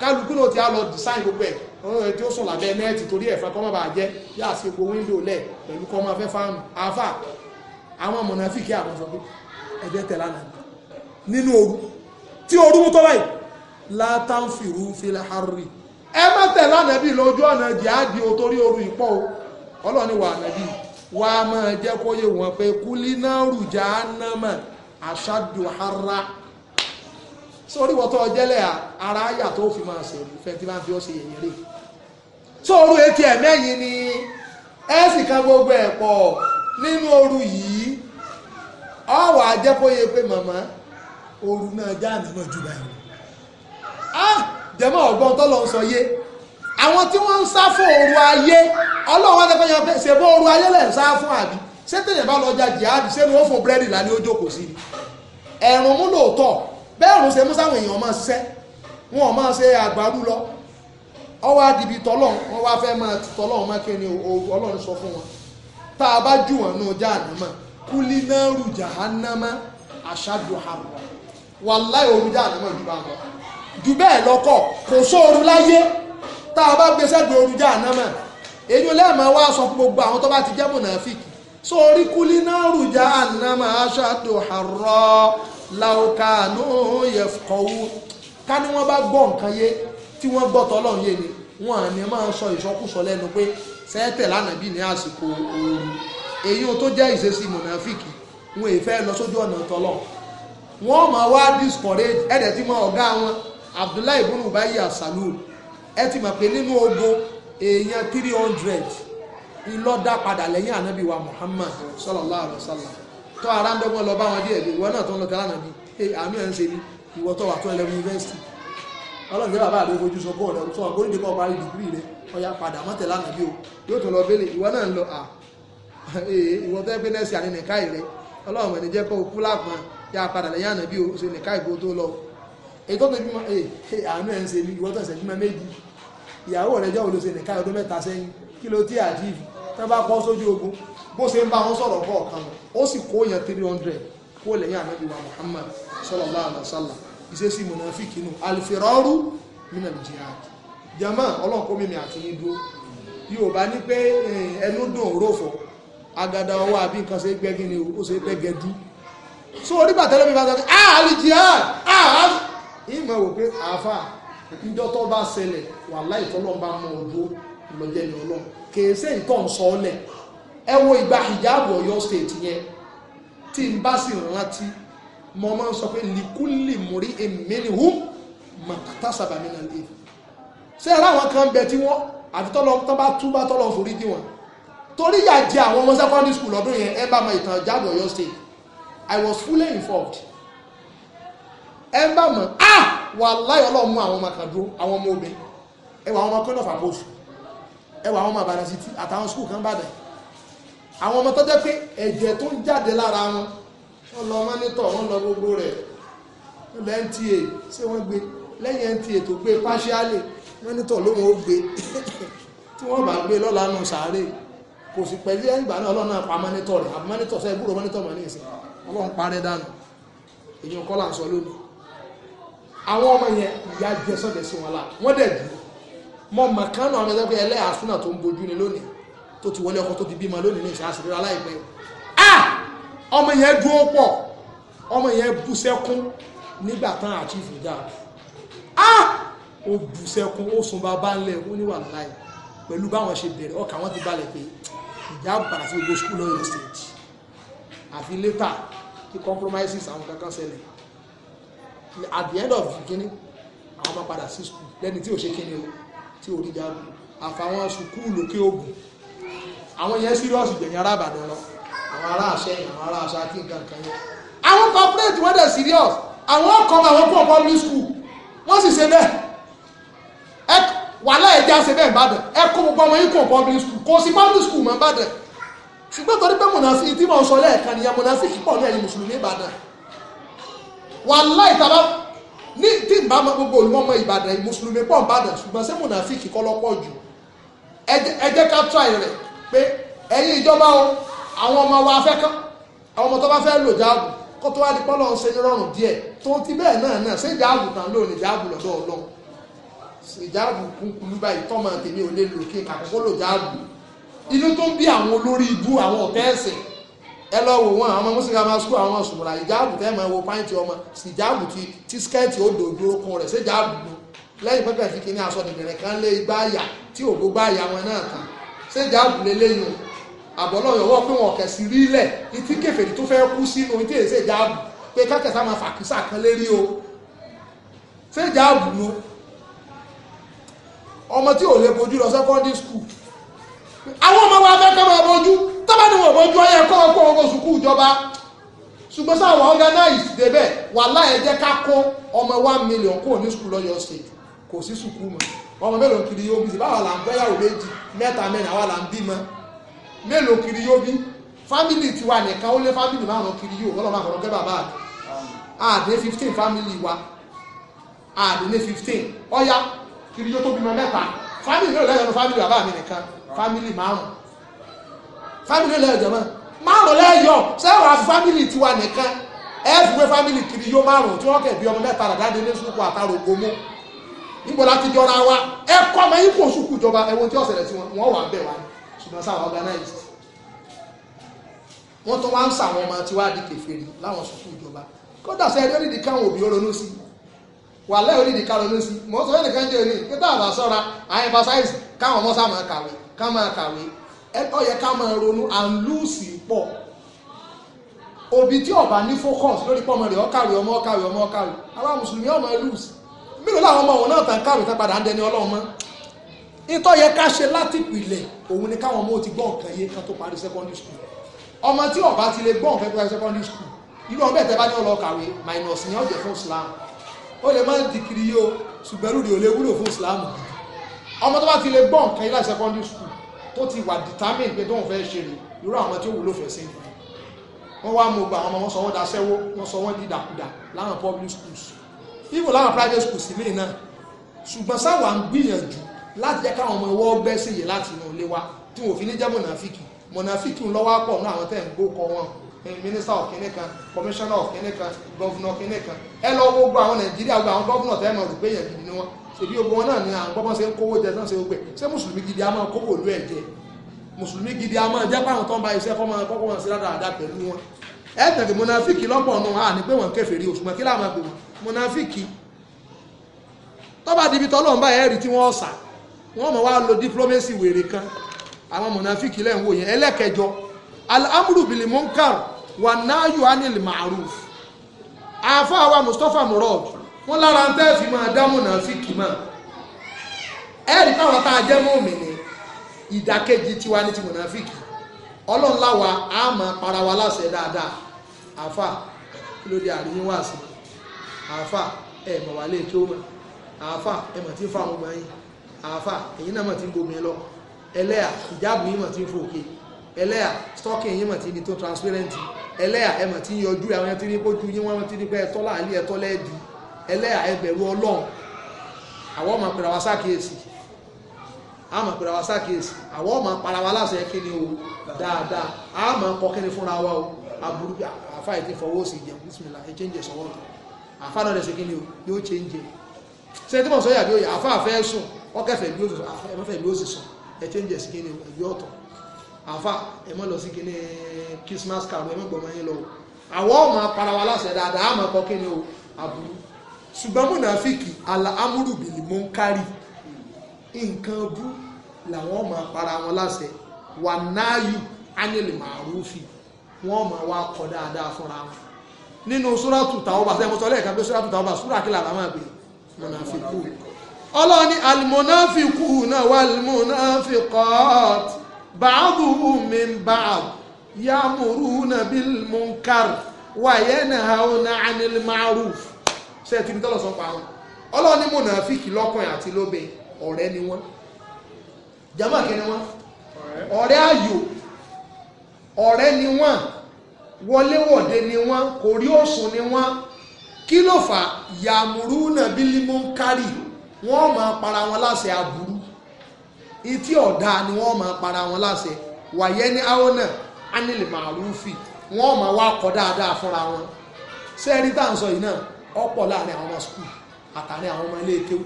kálukú náà ti á lọ dìsáìn gbogbo ẹ̀ ọ̀rọ̀ tí ó sùn lábẹ́ nẹ́ẹ̀tì torí ẹ̀fọn kọ́ mọ̀bà jẹ́ yá sí gbogbo wíńdò lẹ̀ pẹ̀lú kọ́ máa fẹ́ fáànù àfà àwọn mọ̀nàfíkì àwọn sọ pé ẹgbẹ́ tẹ̀lá nà nínú ooru tí ooru mú tọ́ báyìí látàǹfìrú fil harri ẹ má tẹ̀lá nàbí lójú ọ̀nà jihadi o torí ooru ìpọ́ o ọlọ́ni wà nàbí wà á máa jẹ́ kó yé wọn pé kúlínáàrù jahannama ashaddu harra sórí wọ́tọ́ ọjẹ́lẹ̀ ara àyà tó fi máa ṣe ìfẹ́ tí máa fi ọ́ ṣe èyàn rè so oru etí ẹ̀ mẹ́yìn ni ẹ sì kan gbogbo ẹ̀ pọ̀ nínú oru yìí ọwọ́ ajẹ́kóye pé màmá oru náà já ànámọ̀ jù báyìí ah jẹ́mọ́ ọ̀gbọ́n tọ́lọ́ ń sọ yé àwọn tí wọ́n ń sá fún oru ayé ọlọ́wọ́ tẹ́fẹ́ yan pé ṣèbó oru ayé lẹ̀ ń sá fún àbí ṣé tèèyàn bá lọ ja jihad ṣé ni wọ́n fún búrẹ́dì lá ní ó jókòó sí ẹ̀rùn mú lóòótọ́ bẹ́ẹ̀rùn ṣe mú sáwọn èèyàn máa ṣiṣẹ́ wọn ò máa ṣe àgbàrú lọ ọwọ́ adìbí tọlọ́run wọn wá fẹ́ máa tọlọ́run máa kéde ọlọ́run sọ fún wọn tá a bá jù wọn náà jahannama kúlí náà rù jahannama ashaddu harra wallahi òru jahannama jù jù bẹ́ẹ̀ lọ́kọ̀ láyé tá a laokanu yefkowu ká ní wọ́n bá gbọ́ nǹkan yé tí wọ́n gbọ́ tọ́lọ́run yé ni wọ́n àní máa ń sọ ìsọkúsọ lẹ́nu pé sẹ́ẹ̀tẹ̀ lánàbí ní àsìkò ooru èyí tó jẹ́ ìṣesí mọ̀nàfíìkì wọn èfẹ́ lọ sójú ọ̀nà tọ́lọ́run wọ́n máa wá discourage ẹ̀dẹ̀ tí máa ọ̀gá wọn Abdullahi ibn Ubayy Salul ẹ ti mọ̀ pé nínú ogun èèyàn three hundred ìlọ́dà padà lẹ́yìn ànábì wa Muhammad sallallahu alayhi wa sallam tó ara ń dọ́gbọ́n lọ bá wọn díẹ̀ ìwọ náà tó ń lọ kálá náà ni àánú ẹ̀ ń ṣe ni ìwọ tó wà tó ẹlẹ́wọ̀n yunifásitì ọlọ́run fẹ́ bàbá àdókò ojú sọ́kọ́ ọ̀rẹ́ tó wà kó nídìí kọ́ parí dìgírì rẹ ọya padà mọ́tẹ̀ lánàá bí o yóò tó lọ bẹ́lẹ̀ ìwọ náà ń lọ à ìwọ tó ẹgbẹ́ nẹ́ẹ̀sì àní nìka ìrẹ ọlọ́run mọ̀ ní jẹ́ kọ́ kú lápọn yá padà lẹ́yìn àná bí o ṣe nìka ìbò tó lọ èyí tó tóbi mọ àánú ẹ̀ ń ṣe ìwọ tó ṣẹ̀jú mọ́ méjì ìyàwó rẹ̀ jọ́ òlò ṣe nìka ọdún mẹ́ta sẹ́yìn kí ló tí àjíìfù tó bó ṣe ń bá wọn sọ̀rọ̀ kọ̀ọ̀kan ó sì kó yẹn three hundred kó lẹ́yìn ànábì wa Muhammad sallallahu alaihi wasallam ìṣesí mọ̀nàfíkì nù alifiraru minal jihad jama ọlọ́nkó mímí àti ìdó yóò bá ní pé eh, ẹnu dùn òrófò agada ọwọ́ àbí nǹkan ṣe gbẹ́gí ni ó ṣe gbẹ́gẹ́dú so onígbà tẹ́lẹ̀ mi bá sọ pé ah alijihad ah ìmọ̀ wò pé àáfà níjọ́ tó bá ṣẹlẹ̀ wà láì tọ́lọ́ bá mọ ọdún lọ́jẹ́ ni ọlọ́run kèé sẹ́yìn tó ń sọ ọ́lẹ̀ ẹ wo ìgbà hijab Ọ̀yọ́ state yẹn tí n bá sì rántí mo máa ń sọ pé likuli muri emeni hu màkàtà sábàmì náà lè ṣe ẹ láwọn kan bẹ tí wọn àfi tọ́lọ tó bá tọ́lọ forí dí wọn torí yà jẹ àwọn ọmọ secondary school lọ́dún yẹn ẹ bá mọ ìtàn hijab Ọ̀yọ́ state i was fully informed ẹ bá mọ ah wàláhì Ọlọ́run mú àwọn ọmọ kan dúró àwọn ọmọ obìnrin ẹ wà àwọn ọmọ kọ́nọ̀fà bọ́ọ̀sù ẹ wà àwọn ọmọ àbára sí àtàwọn skul kan bàdàn àwọn ọmọ tó jẹ́ pé ẹ̀jẹ̀ tó ń jáde lára wọn wọ́n lọ mọ́nítọ̀ wọ́n lọ gbogbo rẹ̀ lọ nta ṣé wọ́n gbé lẹ́yìn nta tó gbé partially mọ́nítọ̀ lóhun ó gbé tí wọ́n bá gbé lọ́la nù sàárè kò sì pẹ̀lú ẹ̀yìnbá náà ọlọ́run náà pa mọ́nítọ̀ rẹ̀ àbí mọ́nítọ̀ sọ ìbúrò mọ́nítọ̀ mọ́ ní ìsìn ọlọ́run parẹ́ dànù èyí kọ́ là ń sọ lónìí àwọn ọmọ yẹn ìyá jẹ sọ́dẹ̀ sí wọn la wọ́n dẹ̀ dùn mọ́ màkánù àwọn ẹgbẹ́ ẹlẹ́yà tó ti wọlé ọkọ tó ti bímọ lónìí ní ìṣàṣìrí aláìpẹ́ ah ọmọ yẹn dúró pọ̀ ọmọ yẹn bú sẹ́kún nígbà tán àti ìfìdá ah ó bú sẹ́kún ó sun bàbá ńlẹ̀ ó ní wàláhì pẹ̀lú báwọn ṣe bẹ̀rẹ̀ ọkà wọn ti balẹ̀ pé ìjà bàrà sí gbogbo school lọ́yọ̀ stage àfi later kí compromises àwọn kankan ṣẹlẹ̀ at the end of kínní àwọn máa padà sí school lẹ́ni tí ò ṣe kínní o tí ò rí jágùn àfàwọn sùkúù lókè ògùn àwọn yẹn sírọ́ọ̀sì jẹ̀yìn ará àbàdàn lọ àwọn ará àṣẹyìn àwọn ará àṣà kí nǹkan kan yẹn àwọn corporate wọ́n dẹ̀ serious àwọn ọkọ̀ àwọn pọ̀ public school wọ́n sì ṣe bẹ́ẹ̀ wàhálà ẹ̀jẹ̀ àṣẹ bẹ́ẹ̀ Ìbàdàn ẹ kó gbogbo ọmọ yín kó public school kò sí public school mọ́ Ìbàdàn ṣùgbọ́n torí pé mọ̀nàsí tí mo sọ lẹ́ẹ̀kan nìyẹn mọ̀nàsí kíkọ̀ ní ẹ̀yìn mùsùlùmí Ìbàdàn wàhálà ìtàbá ní tí ìbá gbogbo olùmọ̀ ọmọ Ìbàdàn mùsùlùmí pọ̀ Ìbàdàn ṣùgbọ́n ṣé mọ̀nàsí kíkọ́ lọ́pọ̀ jù ẹ ká try rẹ̀ pé ẹ̀yin ìjọba o àwọn ọmọ wa fẹ́ kán àwọn ọmọ tó bá fẹ́ lò jáàbù kó tó wá di pọ́lọ́ ń ṣe ní rọrùn díẹ̀ tó ti bẹ́ẹ̀ náà náà ṣé jáàbù tán ló ní jáàbù lọ́dọ̀ ọlọ́run ìjáàbù kúnkúlú báyìí tọ́mọ tèmi ò lè lò kí kàkókò lò jáàbù inú tó ń bí àwọn olórí ibú àwọn ọ̀tẹ́ẹ̀sì ẹ lọ wò wọn àwọn mùsùlùmí àmà skul àwọn sùmùrà ìjáàbù tẹ́ máa wo pàǹtì ọmọ sì jáàbù ti tí skẹ́ẹ̀tì ó dòdò okun rẹ̀ ṣé jáàbù lẹ́yìn pẹ́pẹ́ fi kíní aṣọ nìbẹ̀rẹ̀ kan lé igbá àyà tí ògbó gbá àyà wọn náà tàn ṣéjà àbúlé léyìn àbọ̀lọ́ yọ̀wọ́ pé wọn kẹ̀sì rí lẹ̀ ìtí kẹfẹ́rì tó fẹ́ kú sínú ìtí èyí ṣéjà àbù pé kákẹ́sà máa fàkísà kan lérí o ṣéjà àbù nu ọmọ tí ò lè bojú lọ secondary school àwọn ọmọ wa fẹ́ kọ́ máa bojú tọ́ba ni wọ́n bojú ọyẹ kọ́ ọkọ́ ọkọ́ sùkúù ìjọba ṣùgbọ́n sáwọn organize débẹ̀ wàhálà ẹ jẹ́ ká kó ọmọ one million kúrò ní school lọ́yọ̀ state kò sí sùkúù mọ́ ọmọ mélòó kiri yóò bí báwa là ń fẹ́yàwó méjì mẹ́ta mẹ́rin àwa là ń bímọ mélòó kiri yóò bí fámìlì tiwa nìkan ó lé fámìlì márùn kiri yóò ọlọ́mọ àkọ́rọ́ kẹ́ bàbá àdé fifteen fámìlì wa àdé ní fifteen ọ̀yá kiri yóò tó bímọ mẹ́ta fámìlì mélòó lẹ́yìn ọ̀nà fámìlì bàbá mi nìkan fámìlì márùn fámìlì mélòó lẹ́yìn ọ̀jọ̀mọ́ márùn lẹ́yọ̀ sẹ́wọ̀n àfi fámìlì tiwa nìkan ẹ fi wé fámìlì kiri yóò márùn tí wọ́n kẹ̀ bí ọmọ mẹ́ta ràdá níbo láti jọra wa ẹ kọ́ ọmọ yín kò sùkú ìjọba ẹ̀wọ̀n tí ọ̀sẹ̀rẹ̀ tí wọ́n wà bẹ̀ wá ṣùgbọ́n sáwọn organized wọ́n tó wá ń sàwọn ọmọ tí wàá di kèfèrí láwọn sùkú ìjọba kódà sẹ́yìn ó dìde káwọn òbí ronú sí wà lẹ́yìn ó dìde ká ronú sí mọ́ sọ yẹ́nì kan jẹ́ òní òbí tí ó ní focus lórí pọ́mọ rẹ̀ ó kàwé ọmọ ó kàwé ọmọ ó kàwé àwọn mùsùlùmí ọmọ lose mélòó làwọn ọmọ òun náà tàn káwé tán padà ń dẹni ọlọ́run mọ́ ìtọ́ yẹ ká ṣe láti pìlẹ̀ òun ni káwọn ọmọ ò ti gbọ́ nǹkan yé kan tó parí secondary school ọmọ tí ọba ti lè gbọ́ nǹkan tó parí secondary school irú ọmọ ẹ̀tẹ́ bá ní ọlọ́ kàwé minus ni ọjọ́ fún Islam ó lè má dìkìrì yìí o ṣùgbọ́n lórí ò lè wúlò fún Islam ọmọ tó bá ti lè gbọ́ nǹkan yé láti secondary school tó ti wà determined pé tóun fẹ́ ṣe rè irú àwọn tí ó wúlò fẹ́ sí wọ́n wá mú gbà àwọn ọmọ wọn sọ wọ́n daṣẹ́wó wọ́n sọ wọ́n dìdàkudà láwọn public schools even láwọn private schools míì náà ṣùgbọ́n sáwà ń gbìyànjú láti jẹ́ káwọn ọmọ ẹwọ́ gbẹ́ sí yìí láti inú ilé wa tí wọn ò fi ní jẹ́ mọ̀nàfíkì mọ̀nàfíkì ń lọ́wọ́ pọ̀ náà àwọn tẹ̀ ń gbókọ wọn minister of kínní kan commissioner of kínní kan governor kínní kan ẹ lọ wo gbọ́ àwọn nàìjíríà gbọ́ àwọn governor tẹ́ ẹ máa rò pé yẹn gidi ni wọn ṣèbí ogun wọn náà ni àwọn gbọ́mọ́ ṣe ń kówó jẹ náà ṣe gbẹ ṣé mùsùlùmí gidi a máa kówó òlú ẹ̀ jẹ mùsùlùmí gidi a máa jẹ́ pàrọ̀ tó ń ba iṣẹ́ kọ́mọ kọ́kọ́ wọn sí dáadáa pẹ̀lú wọn ẹ̀ tẹ̀lé mọ̀nàfíkì lọ́pọ̀ ọ̀nà àní pé wọ́n kèfèrí òṣùmọ̀ kí láà máa gbé wọn mùnàfíkì tọ́ba dìbí tọ́lọ́run báyìí ẹ̀rí tí wọ́n sà wọ́n mọ̀ wá lo diplomacy wèrè kan àwọn mùnàfíkì lẹ́ ń wò yẹn ẹlẹ́kẹjọ alhamdu bìlì munkar wà náyù anil ma'ruf àáfà wa mustapha murad wọn lára ń tẹ́ fi máa dá mùnàfíkì mọ́ ẹ̀rí táwọn tá a jẹ́ mọ́ọ̀mìnì ìdákẹ́jì tiwa ní ti mùnàfíkì ọlọ́run láwa á wa láṣẹ dáadáa àáfà kí ló dé àríyìn wá sí i. àáfà ẹ̀ mọ̀ wà lè kí ó mọ̀ àáfà ẹ̀ mọ̀ tí ń fa àwọn ọgbà yín àáfà èyí náà mọ̀ tí ń bomi lọ ẹlẹ́yà ìjáàbù yín mọ̀ tí ń fò òkè ẹlẹ́yà stọ́kì yín mọ̀ tí ní tó transparent ẹlẹ́yà ẹ̀ mọ̀ tí ń yọjú àwọn ẹtí ní pójú yín wọ́n ti ní pẹ́ ẹ̀tọ́ láàlí ẹ̀tọ́ lẹ́ẹ̀dì ẹlẹ́yà ẹ bẹ̀rù ọlọ́run àwọn ọmọ pèrè wa sákèésì àmọ̀ pèrè wa sákèésì àwọn ọmọ para wa láṣẹ kí ni o dáadáa àmọ̀ kọ́kẹ́ni fúnra wa o aburú àfáà ètè fọwọ́ sí ìjẹun bísí mi là ẹ change sọwọ́ tó àfa náà lẹ́sẹ̀ kíni o yóò ṣe ń e. jẹ ṣe tí mo sọ yàgbé òyà àfa àfẹ́ sùn ọkẹfẹ́ bí ó sì sùn àfa ẹ̀mọ́fẹ́ bí ó sì sùn ẹ̀ ṣe ń jẹ sí kíni o ẹ̀yọ́ ọ̀tọ̀ àfa ẹ̀mọ́ lọ sí kíni Christmas card ẹ̀mọ́ gbọmọ yín lọ o ọmọ para wa láṣẹ dáadáa àmọ́ kọ kíni o àbúrú ṣùgbọ́n múnàfíkì amúrùbìlì mú kárì nǹkan bú làwọn ọmọ para wọn láṣẹ wà náàyù ánìlì màrúfì wọn ọmọ wa kọ dáadáa fúnra wọn nínú súrátù tàwọ́bà sẹ́ mo sọ lẹ́ẹ̀kan pé súrátù tàwọ́bà súrà kí làbá máa pè mọ̀nàfikù ọlọ́ni alìmọ̀nàfikù náà wà alìmọ̀nàfikọ́t bàádù min bàád ya'muruna bil munkar wa yanhauna 'anil ma'ruf ṣe ti tọ́lọ̀ sọ pa ọlọ́ni mọ̀nàfikì lọ́kùnrin àti lóbe ọ̀rẹ́ ni wọ́n jama kí wọ́n ọ̀rẹ́ ayò ọ̀rẹ́ ni wọ́n wọléwọ̀de ni wọ́n kò rí ni wọ́n kí ló fà yàmùrú nàbí límúkárì wọ́n máa para wọn láṣẹ aburú ọ̀dà ni wọ́n para wọn láṣẹ wàyẹ́ ní àwọn náà ánìlè màrúfì wọ́n máa wá kọ́ dáadáa fúnra wọn sẹ́ẹ̀rí tá à ń sọ yìí náà ọ̀pọ̀ láàrin àwọn ọmọ skul àtàrin àwọn ọmọ ilé ekewu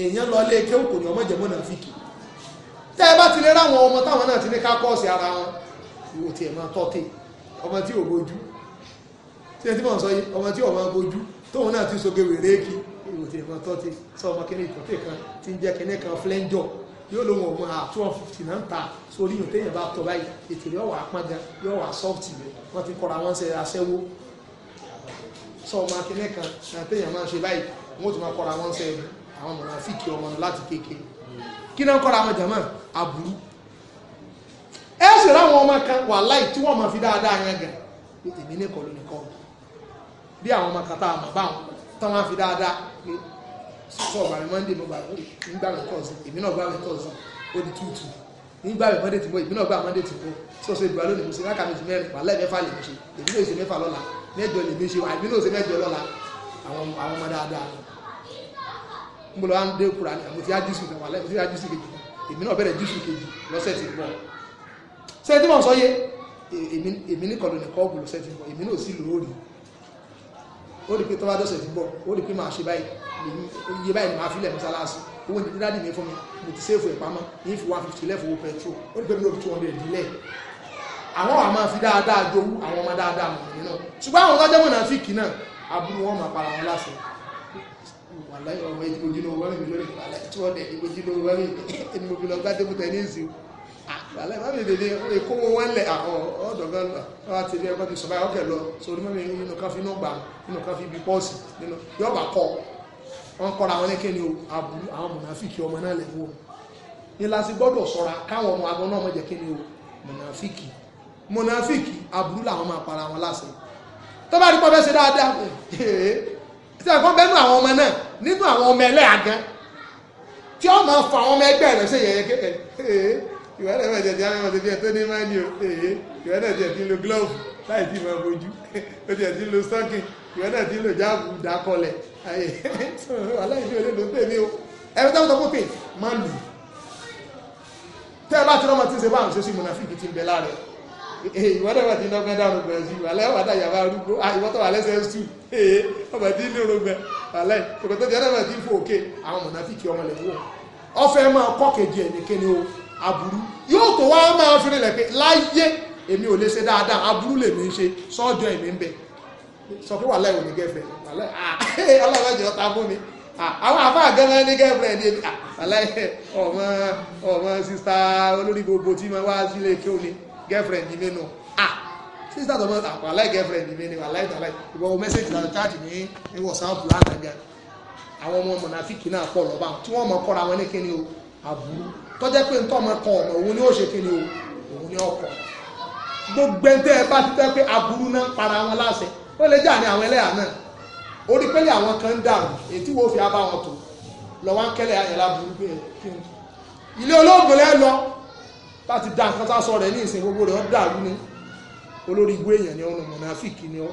èèyàn lọ ilé kéwù kò ní ọmọ ìjẹ̀mọ́ náà fìkì tẹ́ ẹ bá ti lè ráwọn ọmọ táwọn náà ti ní ká ọmọ tí ò bojú tí ẹ tí mọ̀ sọ yìí ọmọ tí ọmọ bojú tóun náà ti soge wèrè kí ìwò tí ìmọ̀ tọ́ ti sọ ọmọ kíní ìtọ́tẹ̀ kan ti ń jẹ́ kíní kan flẹ́ńjọ yóò lóun ọmọ à two hundred fifty náà ń ta sórí yòó téèyàn bá tọ́ báyìí ètò yóò wà pọ́n gan yóò wà soft rẹ̀ wọ́n ti kọ́ra wọn ṣe aṣẹ́wó sọ ọmọ kíní kan náà téèyàn máa ṣe báyìí wọ́n ti ẹ sì ráwọn ọmọ kan wà láì tí wọ́n máa fi dáadáa yẹn gẹ̀ pé èmi ní kọlu nìkan bí àwọn ọmọ kan tá a mọ̀ báwọn tán wọ́n fi dáadáa pé sọ́ọ̀ bàrẹ̀ monday mo bàrẹ̀ nígbà rẹ̀ tọ́sí èmi náà gbà rẹ̀ tọ́sí ó di túùtù nígbà rẹ̀ monday ti bọ́ èmi náà gbà monday ti bọ́ sọ́ọ̀sẹ̀ ìgbà lónìí mo ṣe láka méjì mẹ́rin wàhálà mẹ́fà lè ṣe èmi náà ṣe mẹ́fà lọ́la mẹ́jọ lè mi ṣe àbí náà ṣe mẹ́jọ lọ́la àwọn ọmọ dáadáa ń bọ̀ lọ́wọ́ á ń dé kura ni àmọ́ ti á jísù kejì èmi náà bẹ̀rẹ̀ jísù kejì lọ́sẹ̀ ti bọ̀ ṣe tí wọ́n sọ yé èmi ní kọ̀dọ̀ nìkan ọ̀gbùn lọ́sẹ̀ tí ń bọ̀ èmi náà sì lò ó rí ó rí pé tọ́ba dọ́sẹ̀ tí ń bọ̀ ó rí pé máa ṣe báyìí iye báyìí ni máa filẹ̀ mọ́sálásí owó ní dádì mi fún mi mo ti séèfù ẹ̀ pamọ́ ní fi one fifty lẹ́fọ̀ owó petrol ó rí pé mi ò fi two hundred dílẹ̀ àwọn wà máa fi dáadáa jowú àwọn ọmọ dáadáa mọ̀mí náà ṣùgbọ́n àwọn tọ́jọ́ mọ̀nàfíìkì náà aburú wọn máa para wọn láṣẹ wàláyé ọmọ ìdíbòjì lówó wẹ́mì lórí wàláyé tí wọ́n dẹ̀ ìdíbòjì lówó wẹ́mì èmi mo fi lọ gbá tẹ́kùtẹ́ ní ìsìn alẹ́ má bèbè ní èkó wọn wọ́n lẹ̀ ọ̀dọ̀gán náà ti rí ẹgbẹ́ ti sọ̀bá ọkẹ̀ lọ sórí mọ́mí nínú kan fi iná gbà nínú kan fi ibi pọ́ọ̀sì nínú yọba kọ wọn kọra wọn lẹ́kẹ́ ni àbúrú àwọn mùnàfíkì ọmọ náà lè wò ní láti gbọ́dọ̀ sọ́ra káwọn ọmọ agbọ́n náà mọ̀jẹ̀ kí ni o mùnàfíkì mùnàfíkì àbúrú làwọn máa para wọn láṣẹ tó bá rí pọ́ bẹ́ẹ̀ ṣe dáadáa eh, tí ẹ̀kọ́ bẹ́nu àwọn ọmọ náà nínú àwọn ọmọ ẹlẹ́ àgán tí wọ́n máa fa àwọn ọmọ ẹgbẹ́ rẹ̀ ṣe yẹ̀yẹ́ kékeré eh, ìwà náà mẹ́jẹ̀ tí a mẹ́mọ̀ tẹ́bí ẹ̀ tó ní máa ní o èyí ìwà náà tiẹ̀ ti ń lo glove láì tí máa bojú ó tiẹ̀ ti ń lo stocking ìwà náà ti ń lo jáàbù dákọlẹ̀ ayé aláìní olè ló pè mí o ẹ̀rọ táwọn tó pè má lù tẹ́ ẹ bá ti rọ́mọ tí ń ṣe bá àwọn ṣe sí mùnàfíìkì ti ń bẹ láàrẹ̀ ìwà náà wà ti ń lọ́gbẹ́ dáhùn gbẹ̀ sí ìwà lẹ́wà dá yàrá arúgbó ah, ìwọ́ tó wà lẹ́sẹ̀ sù ee ọmọ tí ń lérò wàlẹ́ ìkòtò tí ẹ náà fò òkè àwọn mùnàfíìkì ọmọ lẹ́wọ̀ máa kọ́ kejì ẹ̀ nìkéni o aburú yóò tó wá máa fi rinlẹ̀ pé láyé èmi ò lè ṣe dáadáa aburú lèmi ń ṣe sọ́jọ́ èmi ń bẹ sọ pé wàhálà ìwòní gẹ́fẹ̀ aláwọ̀jọ́ ta fún mi àwọn àfáà gẹ́gẹ́ ní gẹ́fẹ̀ ní wàhálà ọmọ ọmọ sista olórí gbogbo tí wọ́n wá sílé kí ó ní gẹ́fẹ̀ ní mẹ́nu sista tọmọ wàhálà gẹ́fẹ̀ ní mẹ́nu wàhálà ìtàlá ìwọ mẹ́sẹ̀jì láti chaájì ní wọ̀sáàpù látàgbà àwọn ọmọ mọ̀nàfíkì náà pọ̀ lọ́ba tí wọ́n mọ̀ kọ́ra wọn ní kíni o àbúrú tọ́jẹ́ pé nǹkan ọmọ kan ọ̀nà òun ni ó ṣe kí ni o òun ni ọkọ̀ gbogbo ẹni tẹ́ ẹ bá ti tẹ́ pé aburú náà para wọn láṣẹ ó lè jà ní àwọn ẹlẹ́yà náà orí pẹ́lẹ́ àwọn kan ń dàrú ètí wo fi abá wọn tó lọ́wọ́ kẹ́lẹ́ ayẹ̀lá burú pé kí n ilé olóògùn lẹ́ lọ láti dá nǹkan tá a sọ rẹ̀ ní ìsìn gbogbo rẹ̀ ó dàrú ni olórí igbó èèyàn ni ọ̀nà mọ̀nàfíìkì ni ọ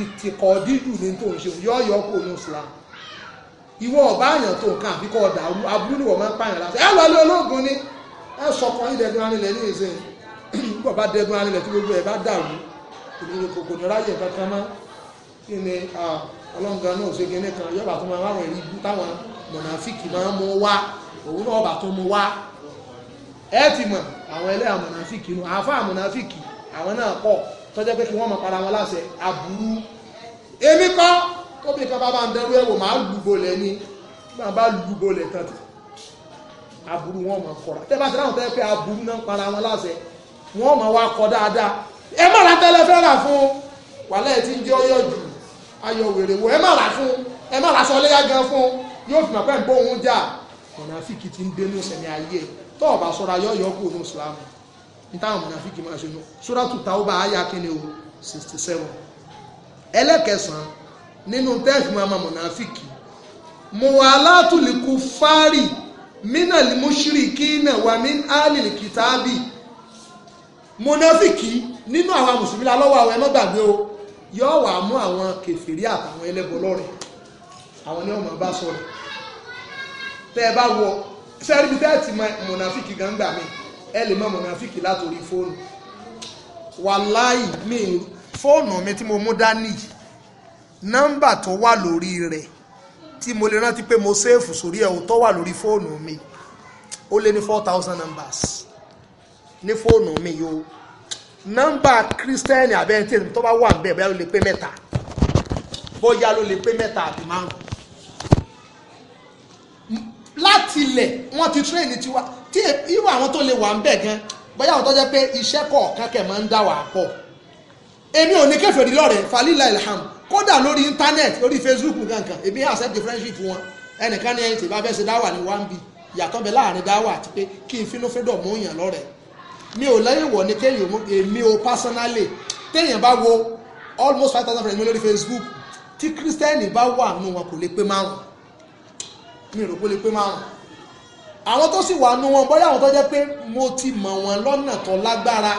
ìtìkọ̀ dídù ní tó ń ṣe yọ̀ọ̀yọ̀ kò ní ìsìlámù ìwọ ọba àyàn tó nǹkan àbíkọ ọdà aburú ni wọn máa ń pààyàn láti ẹ lọ lé ológun ni ẹ sọkọ yín dẹgun arinlẹ ní ìsìn nígbà bá dẹgun arinlẹ tí gbogbo ẹ bá dàrú ìdílé kòkò ní ráyè kankan mọ kí ni ọlọ́ngàn náà ṣe kíní kan yọba tó máa wá rìn ibú táwọn mọ̀nàfíìkì máa ń mú wá òun náà ọba tó mú wá ẹ ti mọ̀ àwọn ẹlẹ́yà mọ̀nàfíìkì nù àáfàá mọ̀nàfíìkì àwọn náà pọ̀ tọ́jọ́ pé kí wọ́n mọ̀ para wọn láṣẹ aburú èmi kọ́ tóbi kan bá bá ń dẹrú ẹ̀wò máa lùgbòlẹ̀ ni máa bá lùgbòlẹ̀ tán ti aburú wọn máa kọ́ra tẹ́ bá ti ráhùn tẹ́ pé aburú náà para wọn láṣẹ wọn máa wá kọ́ dáadáa ẹ má ra tẹ́lẹ̀ fẹ́ rà fún wàhálà tí ń jẹ́ ọyọ́ jù ayọ̀ wèrè wò ẹ má ra fún ẹ má ra sọ léyà gan fún yóò fi màpẹ́ bó òun jà mọ̀nàfíkì ti ń dénú sẹ́ni ayé tó ọ̀bà sọ́ra yọ̀ yọ̀ kúrò ní ìsìlámù nítawọn mọ̀nàfíkì máa ṣe ẹlẹ́kẹsàn-án nínú tẹ́ẹ̀fì mama mọ̀nàfíkì mọ̀wàlátùlìkù fárì mínàlì mùsírìkì náà wà mí álìlì kìtàbì mọ̀nàfíkì nínú àwa mùsùlùmí la lọ́wọ́ àwọn ẹ má gbàgbé o yóò wà mú àwọn kẹfìrí àtàwọn ẹlẹ́bọ lọ́rẹ̀ àwọn ni wọ́n máa bá sọ̀rọ̀ tẹ́ ẹ bá wọ sẹ́rí bí tẹ́ẹ̀tì mọ̀nàfíkì gangba mi ẹ lè mọ mọ̀nàfíkì látòrí fóònù wàláì mi fóònù mi tí mo mú dání yìí nọ́mbà tó wà lórí rẹ̀ tí mo lè rántí pé mo séèfù sórí ẹ̀ tó wà lórí fóònù mi ó lé ní four thousand numbers ní fóònù mi yóò nọ́mbà kírísítẹ́nì abẹ́ntẹ́ni tó bá wà ń bẹ̀ bóyá ló lè pé mẹ́ta bóyá ló lè pé mẹ́ta àti márùn láti ilẹ̀ wọ́n ti tírẹ́ẹ̀nì tiwa tí irú àwọn tó lè wà ń bẹ̀ gan bóyá àwọn tó jẹ́ pé iṣẹ́ kọ̀ọ̀kan kẹ̀ máa ń dá wàá pọ̀ èmi ò ní kẹfẹ́ rí lọ́rẹ̀ falila ilham kódà lórí íńtánẹ́ẹ̀tì lórí facebook kankan èmi accept friendship wọn ẹnìkan ní ẹni tí bá fẹ́ ṣe dáwà ní one b yàtọ̀ bẹ láàrin dáwà àti pé kí n fínú fídọ̀ mú yàn lọ́rẹ̀ mi ò lẹ́yìn wọ̀ ni kéèyàn mú èmi o personally téèyàn bá wo almost five thousand friends mi lórí facebook tí kírísítẹ́nì bá wà nù wọn kò lè pé márùn mi ò rò pé lè pé márùn àwọn tó sì wà nù wọn bóyá àwọn tó jẹ́ pé mo ti mọ̀ wọn lọ́nà tó lágbára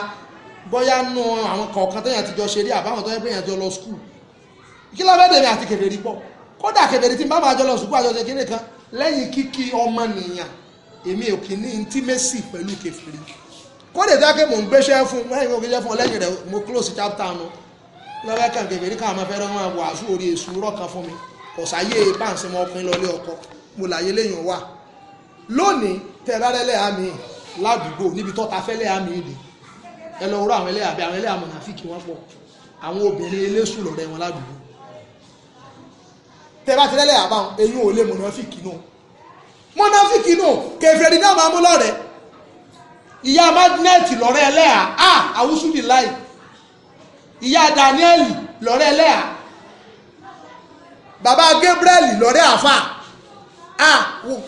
bóyá nù àwọn kọ̀ọ̀kan téèyàn ti jọ ṣeré àbáwọn tó jẹ́ pé èèyàn ti jọ lọ school kí ló bẹ́ẹ̀ dèmi àti kèfèrí pọ̀ kódà kèfèrí tí n bá máa jọ lọ sùkú àjọṣe kéré kan lẹ́yìn kíkí ọmọnìyàn èmi ò kì í ní intimacy pẹ̀lú kèfèrí kódà ìdá pé mò ń gbéṣẹ́ fún lẹ́yìn mo gbéṣẹ́ fún lẹ́yìn rẹ̀ mo close chapter nu lọ́wọ́ kan kèfèrí káwọn máa fẹ́ràn máa wàásù orí èṣù rọ̀kan fún mi ọ̀sáyé báǹsì mọ ọkùnrin lọlé ọkọ mo làyé léèyàn wà lónìí tẹ̀rárẹ́ lẹ́hàmì ládùúgbò níbi tọ́ta fẹ́ lẹ́hàmì ìdí ẹ lọ rọ àwọn ẹlẹ́hàmì àwọn ẹlẹ́hàmì nàfíkì wọn pọ̀ àwọn obìnrin eléṣù lọ́rẹ́ wọn ládùúgbò tẹ bá ti lẹ́lẹ̀ àbáwọn eyín ò lè mọ̀nàfíìkì nù mọ̀nàfíìkì nù kẹfẹ́rì náà máa mú lọ́rẹ̀ ìyá magnẹ́tì lọ́rẹ́ ẹlẹ́à á àwùsùdì láì ìyá Daniel lọ́rẹ́ ẹlẹ́à bàbá gabriel lọ́rẹ́ àfà á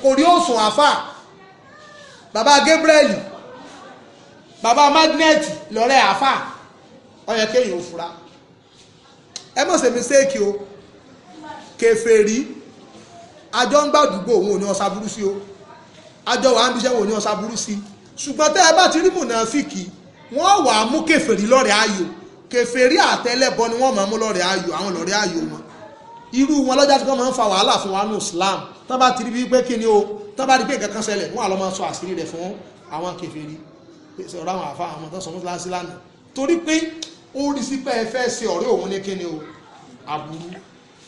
kò rí òsùn àfà bàbá gabriel bàbá magnẹ́tì lọ́rẹ́ àfà ó yẹ kéèyàn ò fura ẹ mọ̀ sẹ́mi séèkì o kèfèrí àjọ ń gbàdúgbò òun ò ní ọ̀sà burú sí o àjọ wà á ń bíṣẹ́ òun ní ọ̀sà burú sí ṣùgbọ́n tẹ́ ẹ bá ti rí mùnàfíkì wọ́n wà á mú kèfèrí lọ́rẹ̀ẹ́ ayò kèfèrí àtẹlẹ́bọ ni wọ́n máa mú lọ́rẹ̀ẹ́ ayò àwọn lọ́rẹ̀ẹ́ ayò wọn irú wọn lọ́jà tí wọ́n máa ń fa wàhálà fún wa ní Islam tán bá ti rí bí pé kí ni o tán bá rí pé nǹkan kan ṣẹlẹ̀ wọ́n á lọ máa sọ àṣírí rẹ̀ fún àwọn kèfèrí ọ̀rọ̀ àwọn àfa àwọn tó sọ fún láńsí lánàá torí pé ó rí sí pé ẹ fẹ́ ṣe ọ̀rẹ́ òun ní kí ni o àbúrú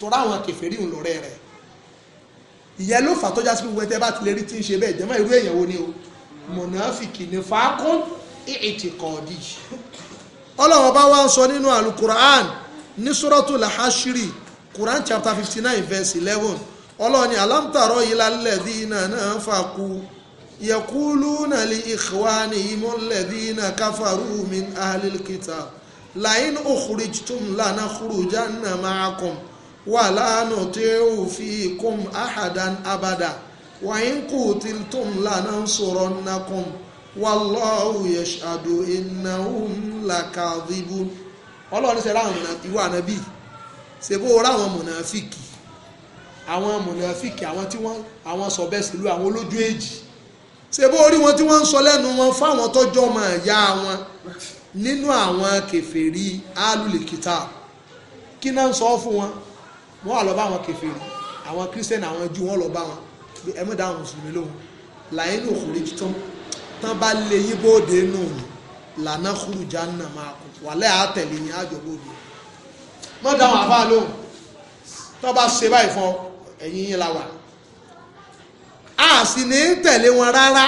torí àwọn kèfèrí ń lọ́rẹ́ rẹ̀ ìyẹn ló fà tó jásí gbogbo ẹtẹ bá ti lè rí tí ń ṣe bẹ́ẹ̀ jẹ́mọ́ irú èèyàn wo ni o mọ̀nàfìkì ní fàákún ètì kọ̀ọ̀dì ọlọ́run bá wá ń sọ nínú alukur'an ní suratul hashiri quran chapter fifty nine verse eleven ọlọ́run alam tara ilal ladhina nafaqu yaquluna li ikhwanihim alladhina kafaru min ahlil kitab la'in ukhrijtum lanakhrujanna ma'akum. ولا نطيع فيكم أحدا أبدا وإن قتلتم لننصرنكم والله يشهد إنهم لكاذبون ọlọ́run ṣe ráwọn ìwà ànábì ṣe bó ráwọn mọ̀nàfíkì àwọn mọ̀nàfíkì àwọn tí wọ́n àwọn sọ bẹ́ẹ̀ sílùú àwọn olójú èjì ṣe bó rí wọn tí wọ́n ń sọ lẹ́nu wọn fáwọn tọ́jọ́ máa yá wọn nínú àwọn alùlẹ̀kìtà kí náà ń sọ fún wọ́n wà lọ bá àwọn kèfèrí àwọn kírísítẹ́nì àwọn jù wọ́n lọ bá wọn ẹ mú dáhùn mùsùlùmí lóhùn làyín ní òkúrí tán tán bá lé yín bóde nù lànà kúrú jáná máa kù wàlẹ́ àtẹ̀lé yín àjọ bóde mọ́ dáhùn àbá lóhùn tán bá ṣe báyìí fún ẹ̀yìn yín la wà á sì ní tẹ̀lé wọn rárá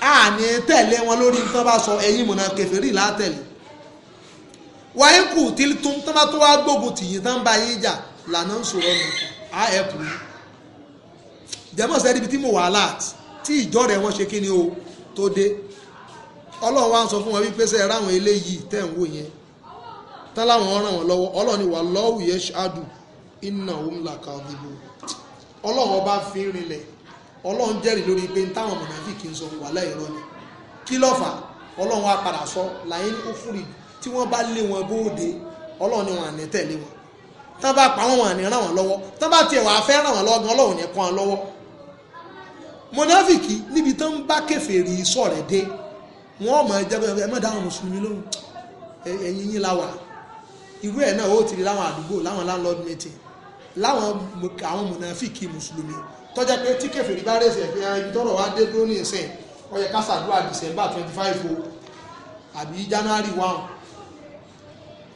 á ní tẹ̀lé wọn lórí tán bá sọ ẹ̀yìn mọ̀nà kèfèrí látẹ̀lé wáyé kù tí tún tán bá tó wá gbógun tìyín tán bá yín jà lànà ń sọ̀rọ̀ nù á ẹ̀pù yìí jẹ́mọ̀ sẹ́ni ibi tí mo wà láàt tí ìjọ rẹ̀ wọ́n ṣe kí ni o tó dé ọlọ́run wa ń sọ fún wọn wípé sẹ́yìn ráwọn eléyìí tẹ̀ ń wò yẹn tán láwọn ràn wọ́n lọ́wọ́ ọlọ́run ni wà lọ́wù yẹn ṣáàdù iná òun là kà dìbò ọlọ́run ọba fi ń rinlẹ̀ ọlọ́run lórí pé táwọn mọ̀nàfíkì ń sọ wà lẹ́yìnrọ́ ni kí lọ́fà ọlọ́run wa padà sọ làyín ó fúri tí wọ́n bá lé wọn bóde ọlọ́run ni wọn à ní tẹ̀lé wọn tán bá pa wọn wọn ní ràn wọn lọ́wọ́ tán bá tiẹ̀ wàá fẹ́ ràn wọn lọ́wọ́ gan ọlọ́run ní kàn án lọ́wọ́ mọ̀nàfìkì níbi tó ń bá kèfèrí sọ̀rẹ̀ dé wọ́n mọ̀ ẹ jẹ́gbẹ́ ẹ má dáhùn mùsùlùmí lóhùn ẹ̀yìn yín la irú ẹ̀ náà ó ti di láwọn àdúgbò láwọn landlord meeting láwọn àwọn mọ̀nàfìkì mùsùlùmí tọ́jà pé tí kèfèrí bá rèsì ẹ̀fẹ́ ibi tọ́rọ̀ wá dé dúró ní twenty five o àbí January one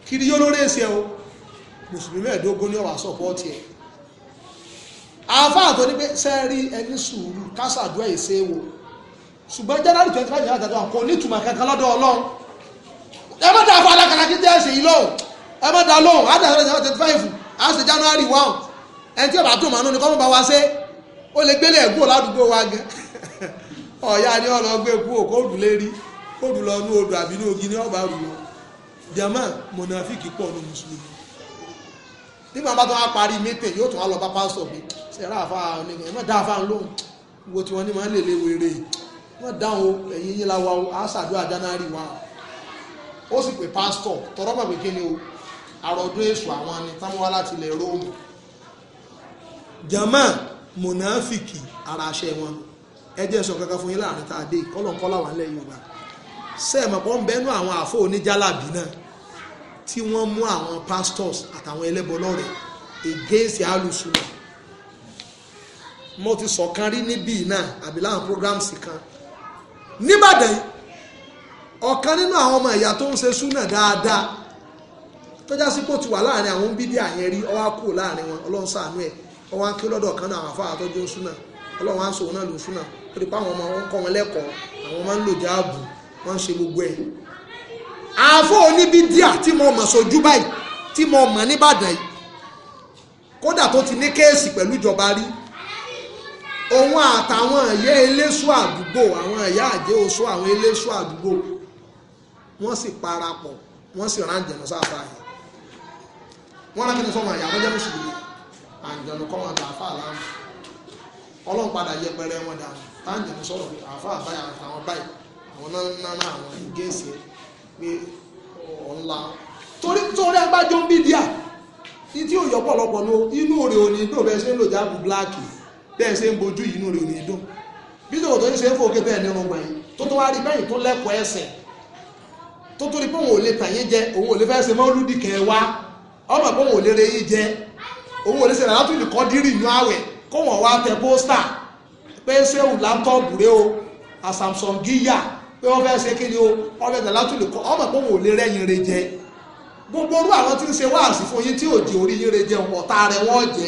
kiri yóò lórí èsì o mùsùlùmí mẹ́ẹ̀ẹ́dógún ní ọ̀rọ̀ àsọ̀pọ̀tì ẹ̀ àáfàá tó ní pé sẹ́ẹ̀rí ẹni sùúrù kásàdúà ẹ̀ṣẹ̀ wò ṣùgbọ́n january twenty five yàrá tàbí kò ní ìtumọ̀ kankan lọ́dọ̀ ọlọ́run ẹ má dáa fún alákàlà kí tẹ́ ẹ yìí lọ́hùn ẹ má dáa lọ́hùn á dàgbà twenty five á january one ẹni tí wa ṣe ó ni gbé kú jama pọ̀ ní nígbà bá tó wá parí mítìn yóò tún wá lọ bá pásítọ̀ bí ṣẹ̀rá àfa onígbọ̀n ẹ̀mọ́ dá àfa lóhùn wo tí wọ́n ní máa ń lèlè wèrè wọ́n dáhùn ẹ̀yìn yín la wa o á ṣàdúrà jánárì wa ó sì pè pásítọ̀ tọrọ mọ̀ pé kíni o àròdún èṣù àwọn ni táwọn wá láti ilẹ̀ róòmù jama mùnàfìkì ara aṣẹ wọn ẹ jẹ́ sọ kankan fún yín láàrin tá a dé kọ́lọ̀ kọ́lá wà nílẹ̀ Yorùbá sẹ́ẹ̀mọ̀ pọ́ ń bẹ́nu àwọn àfọ oníjàlábì náà tí wọ́n mú àwọn pastors àtàwọn ẹlẹ́bọlọ́rẹ̀ against alusuna mo ti sọ̀kan rí níbí náà àbí láwọn programs kan nìbàdàn ọ̀kan nínú àwọn ọmọ ìyá tó ń ṣe súnà dáadáa tó já sí kó ti wà láàrin àwọn bíbí àyẹn rí ọwá kù láàrin wọn ọlọ́run ṣàánú ẹ̀ ọwá ń kí lọ́dọ̀ kan náà àwọn afáwà tó jó súnà ọlọ́run á ń sòwò náà lò súnà ó ti pa àwọn ọmọ wọn kọ́ wọn lẹ́kọ̀ọ́ àwọn ọmọ ń lò jáàbù wọ́n ń ṣe gbogbo ẹ̀ àáfọ̀ oníbi díà tí mo mọ̀ sójú báyìí tí mo mọ̀ nìbàdàn yìí kódà tó ti ní kéèsì pẹ̀lú ìjọba rí òun àtàwọn ẹ̀yẹ eléṣù àdúgbò àwọn ẹ̀yà àjẹ́ oṣù àwọn eléṣù àdúgbò wọ́n sì parapọ̀ wọ́n sì rán jẹ̀nà sáfà yìí wọ́n rákìní sọ́mọ àyà wọ́n jẹ́ mùsùlùmí àǹjẹ̀nù kọ́ wọn dà fà ọlọ́run padà yẹpẹrẹ wọn dà táǹjẹ̀nù sọ̀rọ̀ àfà àbáyà àtàwọn báyìí àwọn náà náà àwọn gẹ̀ẹ́sì pé ọ̀la torí torí agbájọ ń bí díà tí ò yọ pọ̀lọpọ̀ ló inú rẹ̀ ò ní dùn bẹ́ẹ̀ ṣe ń lò jáàbù bíláàkì bẹ́ẹ̀ ṣe ń bojú inú rẹ̀ ò ní dùn bí tòun tó ń ṣe é fòkè bẹ́ẹ̀ nínú gbọ̀n yìí tó tó wá rí bẹ́yìn tó lẹ́kọ̀ọ́ ẹ̀sẹ̀ tó tó rí pé òun ò lè tàyé jẹ òun ò lè fẹ́ ṣe mọ́ olùdíkẹ́ wa ọmọ pé òun ò lè re yín jẹ òun ò lè ṣe làlátùlù kọ́ dírì inú àwẹ̀ kó wọ́n wá tẹ pósítà pé ṣé òun láńtọ́ọ̀bù rẹ o àsàmsọ̀ngíyà pé wọ́n fẹ́ ṣe kí ni o wọ́n fẹ́ lè kọ́ ọmọ lè rẹ́yìn gbogbo orú àwọn tí ń ṣe wáàsí fún yín tí ò di orí yín re jẹ ọ̀tá rẹ wọ́n jẹ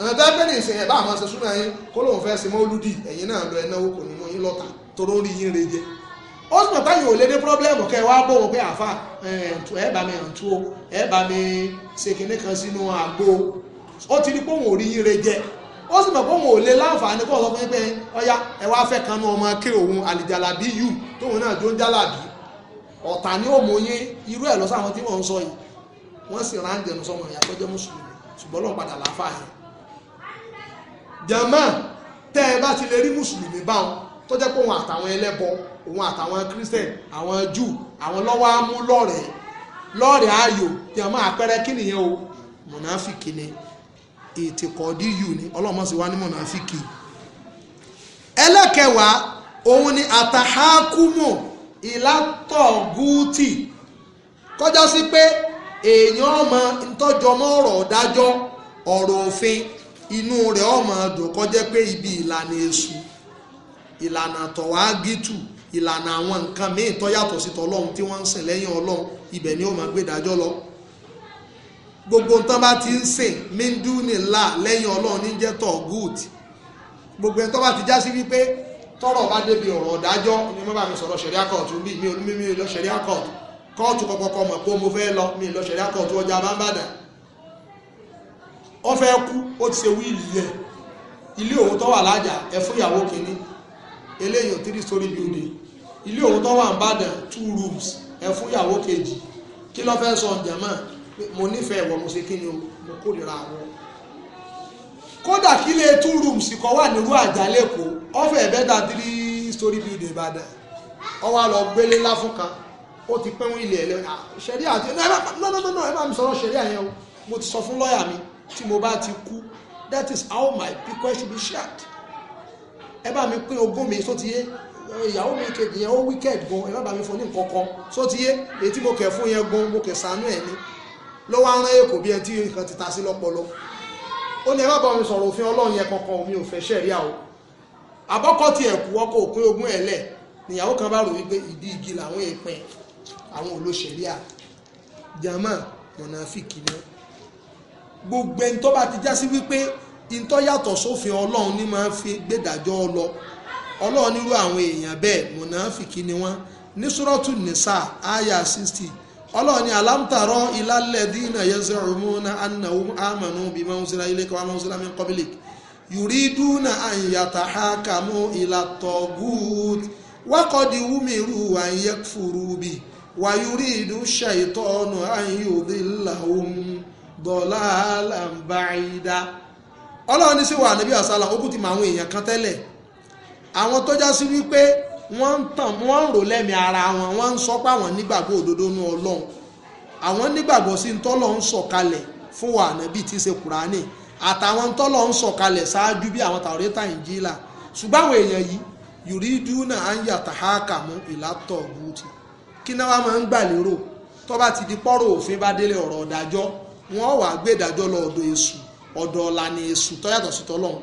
ẹ̀rọ tẹ́ bẹ́ẹ̀ ní ìsìn bá àwọn ṣe súnmọ́ yín kó lóun fẹ́ ṣe mọ́lúdì náà lọ ẹ̀náwó kò yín lọ́ta yín jẹ ó sì ò lé dé kẹ́ ẹ wá ó sì mọ̀ pé òun ò lè láǹfààní kó sọ fún pé ọya ẹ wá fẹ́ kanú ọmọ ké òun àlìjàlábí yù tóun náà jó ń jálàbí ọ̀tà ni ó mọ yín irú ẹ̀ lọ́sọ̀ àwọn tí wọ́n ń sọ yìí wọ́n sì ráńjẹ̀ nù sọmọ ìyàpẹ́ jẹ́ mùsùlùmí ṣùgbọ́n lọ́n padà láǹfà yẹn. jama tẹ́ ẹ bá ti lè rí mùsùlùmí báwọn tó jẹ́ pé òun àtàwọn ẹlẹ́bọ òun àtàwọn kírísítẹ̀n o mùnáfìkì ìtìkọ̀dí yù ni ọlọ́mọ sì wá ní mọ̀nàfíkì ẹlẹ́kẹwàá òun ni àtàhákùmù ìlàtọ̀gùtì kọjá sí pé èèyàn ọmọ ntọ́jọ mọ́ ọ̀rọ̀ dájọ́ ọ̀rọ̀ òfin inú rẹ̀ ọmọ dùn kọjá pé ibi ìlànà èṣù ìlànà tọ̀wá gítù ìlànà àwọn nǹkan míì tó yàtọ̀ sí tọlọ́run tí wọ́n ń sìn lẹ́yìn ọlọ́run ibẹ̀ ni ó máa gbé dájọ́ lọ. gbogbo nǹkan bá ti ń sìn mindu nìlá lẹ́yìn ọlọ́run ní jẹ́ tọ̀ good gbogbo ẹni tó bá ti já sí wípé tọ́rọ̀ bá débi ọ̀rọ̀ ọ̀dájọ́ ni mo bá mi sọ̀rọ̀ ṣẹ̀ríà kọ́ọ̀tù bí mi ò ní mi lọ ṣẹ̀ríà kọ́ọ̀tù kọ́ọ̀tù kọ̀kọ̀kọ̀ mọ̀ pé mo fẹ́ lọ mi lọ ṣẹ̀ríà kọ́ọ̀tù ọjà bá ń bàdàn ó fẹ́ kú ó ti ṣe wíìlì yẹ ilé òun tó wà lájà ẹ fún ìyàwó kìíní eléyìí three story building ilé òun tó wà ń bàdàn two rooms ẹ fún ìyàwó kejì kí ló fẹ́ sọ ǹjẹ́ mọ́ mo nífẹ̀ẹ́ wọ mo ṣe kí ni mo kórìíra àwọn kódà kí lè two rooms kọ́ wà nírú àjálẹ̀kọ́ ọ̀fẹ́ ẹ̀bẹ́ta three story building Ìbàdàn ọwọ́ àlọ́ gbélé láfúnka ó ti pẹ́ wọ́n ilé ẹ̀ ah, ṣẹ̀rí àti nọ́nọ́nọ́nọ́ ẹ bá mi sọ̀rọ̀ ṣẹ̀rí àyẹ̀wò mo ti sọ fún lọ́ọ̀yà mi tí mo bá ti kú that is how my bequest should be shared ẹ bá mi pín ogún mi só ti yé ìyàwó mi kejì yẹn ó wicked gan ẹ má bá mi fún ní nǹkan kan só ti yé èyí tí mo kẹ̀ fún yẹn gan mo kẹ̀ sànú ẹ̀ ni ló wá rán èkó bí ẹ tí nǹkan ti ta sí lọ́pọlọ ó ní ẹ má bá mi sọ̀rọ̀ òfin ọlọ́run yẹn kankan mi ò fẹ́ ṣẹ̀ríà o àbọ́kọ́ ti ẹ̀kú ọkọ̀ òpin ogún ẹ̀ lẹ̀ nìyàwó kan bá rò wípé ìdí igi làwọn èèpẹ̀ àwọn olóṣèríà jama mọ̀nàfíkì náà gbogbo ẹni tó bá ti já sí wípé ìtọ́ yàtọ̀ sófin ọlọ́run ní máa ń fi gbẹ́dàjọ́ lọ ọlọ́run nírú àwọn èèyàn bẹ́ẹ̀ mọ̀nàfíkì ni wọ́n ní sọ́rọ́tù nìsa aya sixty ọlọ́ọ̀ni alámtàrọ́ ilálẹ́dínà yẹsẹ̀ ọ̀rùmúnà anáwó àmànú bí mọ́nsílá ilé kọ́wá mọ́nsílá mi kọ́bílì yùrídúnà àyàtà hákàmú ìlàtọ̀gùt wákọ̀dí wúmirú àyẹ fúru bí wàyúrídú ṣàìtọ́nù àyùdíláhùn dọ̀là àlàmbáyídá ọlọ́ọ̀ni sì wà níbi àsálà ó kù ti mọ àwọn èèyàn kan tẹ́lẹ̀ àwọn tó sí wípé wọ́n ń tàn wọ́n ń rò lẹ́mìí ara wọn wọ́n ń sọ pé àwọn nígbàgbọ́ òdodo nú ọlọ́run àwọn nígbàgbọ́ sí ntọ́lọ́ ń sọ̀kalẹ̀ fún wa ànábì tí í ṣe kùránì àtàwọn ntọ́lọ́ ń sọ̀kalẹ̀ ṣáájú bí àwọn tàwọ́rẹ́tà ìnjílà ṣùgbọ́n àwọn èèyàn yìí yùrídú náà ń yàtà háàkà mú ìlàtọ̀ bùtì kí náà wá máa ń gbà lérò tó bá ti di pọ́rọ̀ òfin bá délé ọ̀rọ̀ ọ̀dájọ́ wọ́n wàá gbé ìdájọ́ lọ ọ̀dọ̀ èṣù ọ̀dọ̀ ọ̀lànà èṣù tó sí tọ́lọ́run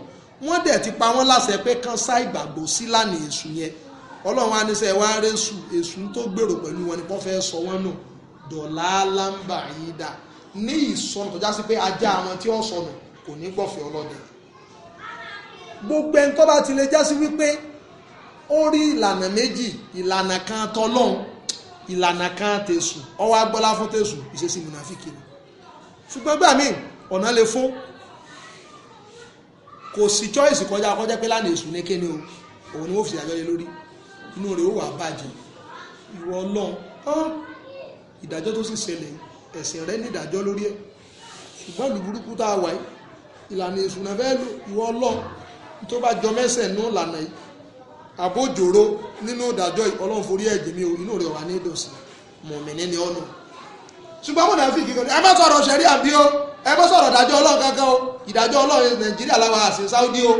wọ́n dẹ̀ ti pa wọ́n láṣẹ pé kán sá ìgbàgbọ́ sí lánàá èṣù yẹn ọlọ́run á ní sẹ́ wá rẹ́sù èsù tó gbèrò pẹ̀lú wọn ni wọ́n fẹ́ sọ wọ́n nù dọ̀là lámbà yìí dà ní ìsọnù tó já sí pé ajá àwọn tí ó sọnù kò ní gbọ̀fẹ́ ọlọ́dẹ gbogbo ẹni tó bá ti lè já sí wípé ó rí ìlànà méjì ìlànà kan tọlọ́hun ìlànà kan tẹ̀sù ọwọ́ agbọ́lá fún tẹ̀sù ìṣesí mùnàfíkì ni ṣùgbọ́n gbà míì ọ̀nà lè fún kò sí choice kọjá kọjá pé lánàá èṣù ní kéne o òun ni wọ́n fi ṣàjọyẹ lórí inú rẹ̀ ó wà bàjẹ́ ìwọ ọlọ́run ọ́n ìdájọ́ tó sì ṣẹlẹ̀ ẹ̀sìn rẹ̀ ní ìdájọ́ lórí ẹ̀ ṣùgbọ́n ìlú burúkú tá a wà yìí ìlànà ìṣúná fẹ́ lò ìwọ ọlọ́run tó bá jọ mẹ́sẹ̀ nú ìlànà yìí àbójòrò nínú ìdájọ́ ọlọ́run forí ẹ̀jẹ̀ mi ò inú rẹ̀ wà ní ìdòsí mọ̀mìnì ni ọ̀nà ṣùgbọ́n mọ̀nà fi kíkan ẹ má sọ̀rọ̀ ṣẹ̀rí àbí o ẹ má sọ̀rọ̀ ìdájọ́ ọlọ́run kankan o ìdájọ́ ọlọ́run nàìjíríà láwa àsìn sáúdí o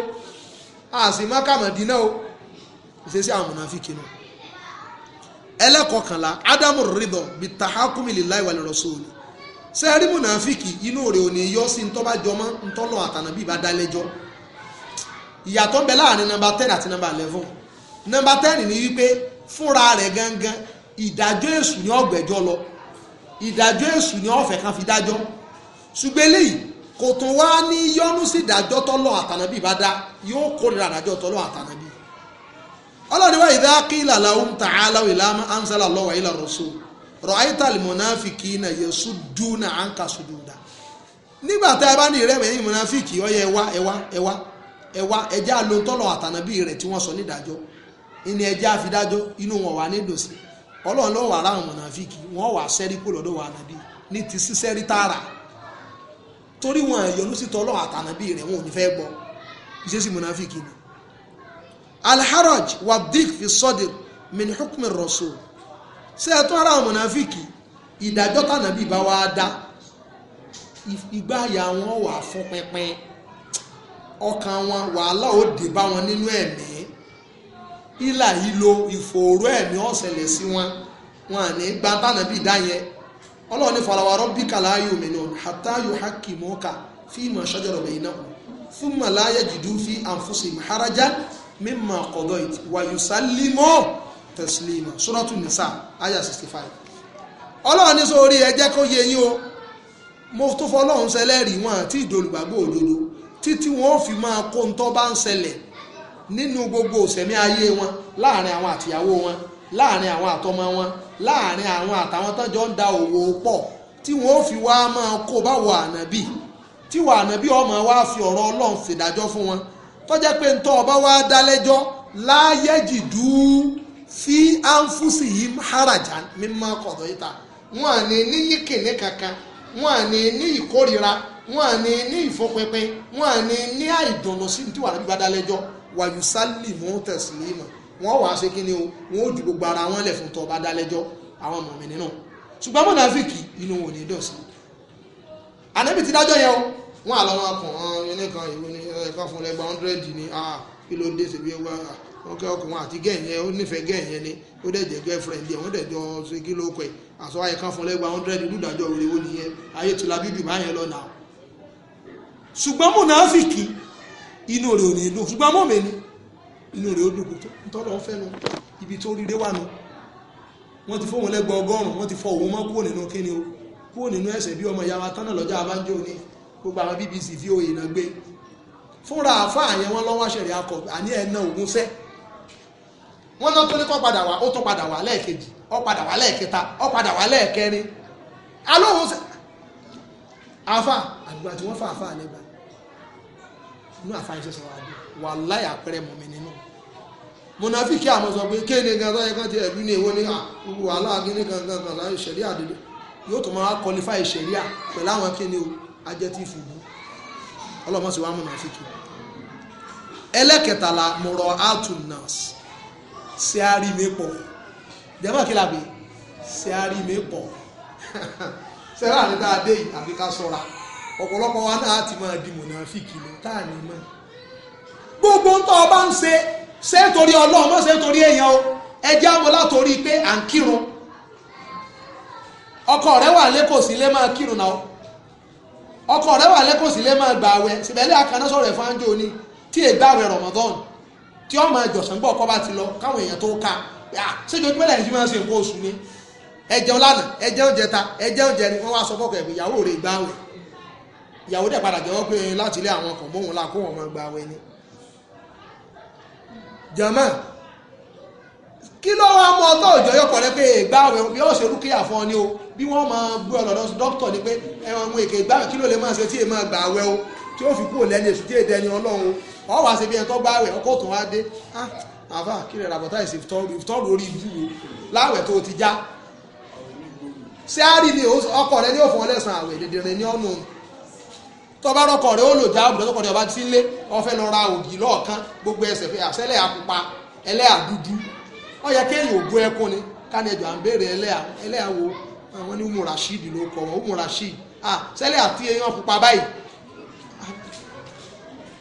àsìn mọ́kàmọ̀dínà o ìṣesí àwọn mùnàfíkì náà ẹlẹ́kọ̀ọ́kànlá ádámù rìdọ̀ bíi tahakumi lillahi wal rasul sẹ́ẹ̀rí mùnàfíkì inú rẹ̀ ò ní yọ sí ntọ́ba jọmọ́ ntọ́lọ́ àtànàbí bá dá lẹ́jọ́ ìyàtọ̀ bẹ láàrin nọmba ten àti nọmba eleven nọmba ten ni wípé fúnra rẹ̀ gangan ìdájọ́ èṣù ni ọ̀gbẹ́jọ́ lọ ìdájọ́ èṣù ni ọ̀fẹ́ kan fi dájọ́ ṣùgbọ́n eléyìí kò tún wá ní yọnu sí ìdájọ́ tọ́lọ́ àtànàbí ọlọ́ni wa ìdá kílà làwọn tààlà ìlànà ansala lọ́wọ́ ilà rasul rọ̀ayítà lìmọ̀náfìkì náà yẹsù dúnà ànkà sùdúdà nígbà tá ẹ bá ní ìrẹ́wẹ̀ yín mọ̀náfìkì ọyẹ ẹwà ẹwà ẹwà ẹwà ẹjẹ́ àlóńtọ́lọ̀ àtànàbí rẹ̀ tí wọ́n sọ nídàájọ́ ìní ẹjẹ́ àfidájọ́ inú wọn wà ní ìdòsí ọlọ́run lọ́wọ́ aláwọn mọ̀náfìkì wọ́n wà sẹ́rí kó lọ́dọ̀ wà nàbí ní alharaj wadik fi sọdìr min hukmi rasul ṣé ẹ tún ara àwọn mọ̀nàfíìkì ìdájọ́ tànàbí bá wa dá ìgbà àyà wọn wà fún pínpín ọkàn wọn wàhálà ó dé bá wọn nínú ẹ̀mí ìlà ìlò ìfòòró ẹ̀mí ọ̀sẹ̀lẹ̀ si won wọn ni gba tànàbí dá yẹn ọlọ́run ní farawa rọ́bì kàlá yóò mẹ́nu hatta yuhakkimuka fima shajara bainahum thumma la yajidu fi anfusihim harajan mímọ ọ̀kọ̀dọ̀ wàyùsálímọ́ tẹ̀sílímọ̀ sọ́dọ̀tù nìsà àyà 65 ọlọ́run ní sórí ẹ jẹ́ kó yé yín o mo tó fọ́ ọlọ́run sẹlẹ́rì wọn àti ìdòlùgbàgbọ́ òdodo títí wọn ò fi máa kó ń tọ́ bá ń ṣẹlẹ̀ nínú gbogbo òsẹ̀mí ayé wọn láàrin àwọn àtìyàwó wọn láàrin àwọn àtọmọ wọn láàrin àwọn àtàwọn tó jọ ń da òwò pọ̀ tí wọn ò fi wá máa kó báwo ànábì tí wà ànábì ọmọ wa fi ọ̀rọ̀ ọlọ́run fìdájọ́ fún wọn tọ́jà pé ntọ́ ọba wa dálẹ́jọ́ láàyè jìdú fi ànfúsì yìí harajà mímọ́ kọ̀dọ̀ yìí ta wọn à ní níní kìnní kankan wọn à ní ní ìkórira wọn à ní ní ìfọpẹpẹ wọn à ní ní àìdùnnú sí ní tiwàrà bíbá dálẹ́jọ́ wàyù sálì mú tẹ̀sílímù wọn wàá ṣe kí ni o wọn ò ju gbogbo ara wọn lẹ̀ fún tọ́ ọba dálẹ́jọ́ àwọn ọmọ mi nínú ṣùgbọ́n mọ̀nàfíìkì inú wọn ò ní dọ̀sí ànábì ti o wọn àlọ́ ẹ̀ka fún ẹgbàá hundred ni kí ló dé ṣèbí ẹgbàá wọn kẹ́ ọkùnrin àti gẹ̀yìn ó nífẹ̀ẹ́ gẹ̀yìn ni ó dẹ̀ jẹ́ girlfriend yẹn wọ́n dẹ̀ jọ ṣe kí ló kọ̀ ẹ̀ àṣọ ẹ̀ka fún ẹgbàá hundred lùdàjọ́ òrè wo nìyẹn ayé tìlá bíbí máa yẹn lọ nà. ṣùgbọ́n mùnàfíkì inú rẹ̀ ò ní dùn ṣùgbọ́n mọ́ mi ni inú rẹ̀ ó dùn tọ́lọ́ fẹ́ nu ibi tó rí dé wà nu wọ́n ti fóun lẹ́gbọ́ ọgọ́rùn-ún wọ́n ti fọ òun mọ́ kúrò nínú kíni o kúrò nínú ẹ̀sẹ̀ bí ọmọ ìyá wa tánà lọ́jà abájọ́ ni gbogbo àwọn BBC VOA náà gbé fúnra àfáà yẹn wọn lọ́wọ́ ṣẹ̀rí akọ àní ẹ̀nà ogunse wọn wọ́n tó ní kọ́ padà wá ó tún padà wá lẹ́ẹ̀kejì ó padà wá lẹ́ẹ̀kẹta padà wá lẹ́ẹ̀kẹrin alóhùn tí wọ́n fà àfáà lẹ́gbàá inú àfáà yẹn sọ̀rọ̀ wà láyà nínú mọ̀nàfíkì sọ pé gan ní ah, wàhálà gan láyé ẹlẹ́kẹtàlá mọ̀rọ̀ altunas ṣe á rí mi pọ̀ jẹ́mọ̀ kí làbí ṣe á rí mi pọ̀ sẹ́rà ní dáadé yìí àfi ká sọ́ra ọ̀pọ̀lọpọ̀ wa náà ti máa di mọ̀nàfíìkì lọ tá à ní mọ̀ gbogbo ń tọ́ ọ bá ń ṣe ṣé torí ọlọ́run mọ́ ṣe torí èèyàn o ẹjẹ́ àwọn látòrí pé à ń kírun ọkọ rẹ wà lẹ́kọ̀ọ́ sílé máa kírun náà ọkọ rẹ wà lẹ́kọ̀ọ́ sílé máa gbààwẹ̀ síbẹ̀ lẹ́yìn àkànná sọ̀rọ̀ ẹ̀fọ́ àǹjọ́ ni tí ègbà àwẹ̀ Ramadan tí ọmọ ìjọsìn gbọ́ ọkọ bá ti lọ káwọn èèyàn tó ká ṣéjojúmọ́ lẹ́yìn tí wọ́n ṣe nǹkan oṣù ni ẹjẹun lánàá ẹjẹun jẹta ẹjẹun jẹni wọ́n wá sọ fọ́kọ ẹ̀ pé ìyàwó rẹ̀ gbà àwẹ̀ ìyàwó dẹ̀ padà jẹ́wọ́ pé láti ilé àwọn kan bóun la kó wọn mọ gbà àwẹ̀ ni. jọ̀mọ́ kí ló wá mọ ọtọ́ òjò yọkọ̀ rẹ pé ìgbà àwẹ̀ yóò ṣe rúkìá fún ọ ni o bí wọ́n máa gbé ọ lọ́dọ̀ dókítà ni pé ẹ̀wọ̀n èké ìgbà kí ló lè máa ṣe tí èèmọ̀ gbà o tí ó fi kúrò lẹ́nu èṣù tí èdè ẹni ọlọ́run ọ wá ṣe bí ẹ tó bá wẹ̀ ọkọ̀ tó wá dé ah. àfà kí lè ràbọ̀tà ìṣe ìfitọ́rù orí ibú wo láwẹ̀ tó ti já ṣé á rí ni ọkọ rẹ ní òfin ọlẹ́sàn àwẹ̀ dèdèrè ní ọ̀nà tọ́ba rọkọ̀ rẹ ó lò já òbí lọ́kọ̀ rẹ ọba tí ń lé ọfẹ́ lọ ra ògì lọ́ọ̀kan gbogbo ẹsẹ̀ pé àṣẹlẹ̀ àpupa ẹlẹ́à dúdú ó yẹ kéèyàn ògbó ẹkún ni káni ẹjọ́ à ń béèrè ẹlẹ́à ẹlẹ́à wo àwọn ní umu rasheed ló kọ̀ wọ́n umu rasheed ah ṣẹlẹ̀ àti eyín ọ̀pupa báyìí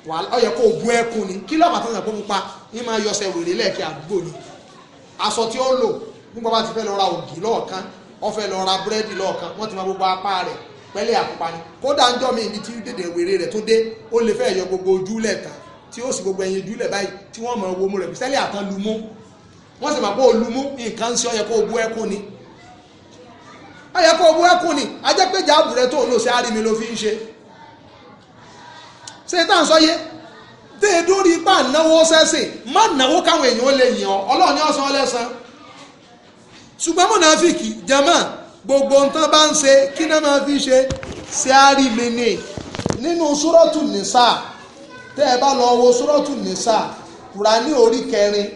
wà ó yẹ kó o bu ẹkùn ni kí lọ́ọ̀bà tó ń sàpọ̀ pupa ní máa yọ ọsẹ wèrè lẹ́ẹ̀kẹ́ àdúgbò ni aṣọ tí ó lò nígbà bá ti fẹ́ lọ ra ògì lọ́ọ̀kan ó fẹ́ lọ ra búrẹ́dì lọ́ọ̀kan wọ́n ti máa gbogbo apá rẹ̀ pẹ́lẹ́ àpupa ni kódà ń jọ́ mi ibi tí dèdè wèrè rẹ̀ tó dé ó lè fẹ́ yọ gbogbo ojúlẹ̀ tán tí ó sì gbogbo ẹyin ojúlẹ̀ báyìí tí wọ́n mọ̀ owó mu rẹ̀ bí sẹ́lẹ̀ àtàn lu mú wọ́n sì máa kó o lu mú nǹkan sí ọ yẹ ṣé tá à ń sọ yé tẹ́ ẹ dórí ipá náwó sẹ́sìn má náwó káwọn èèyàn lè yàn ọ́ ọlọ́run ní ọ̀sán ọlẹ́sàn ṣùgbọ́n mọ̀nàfíìkì jàmá gbogbo nǹkan bá ń ṣe kí náà máa fi ṣe ṣe àrímìnì nínú sùrọ́tù nìsà tẹ́ ẹ bá lọ wo sùrọ́tù nìsà kùránì orí kẹrin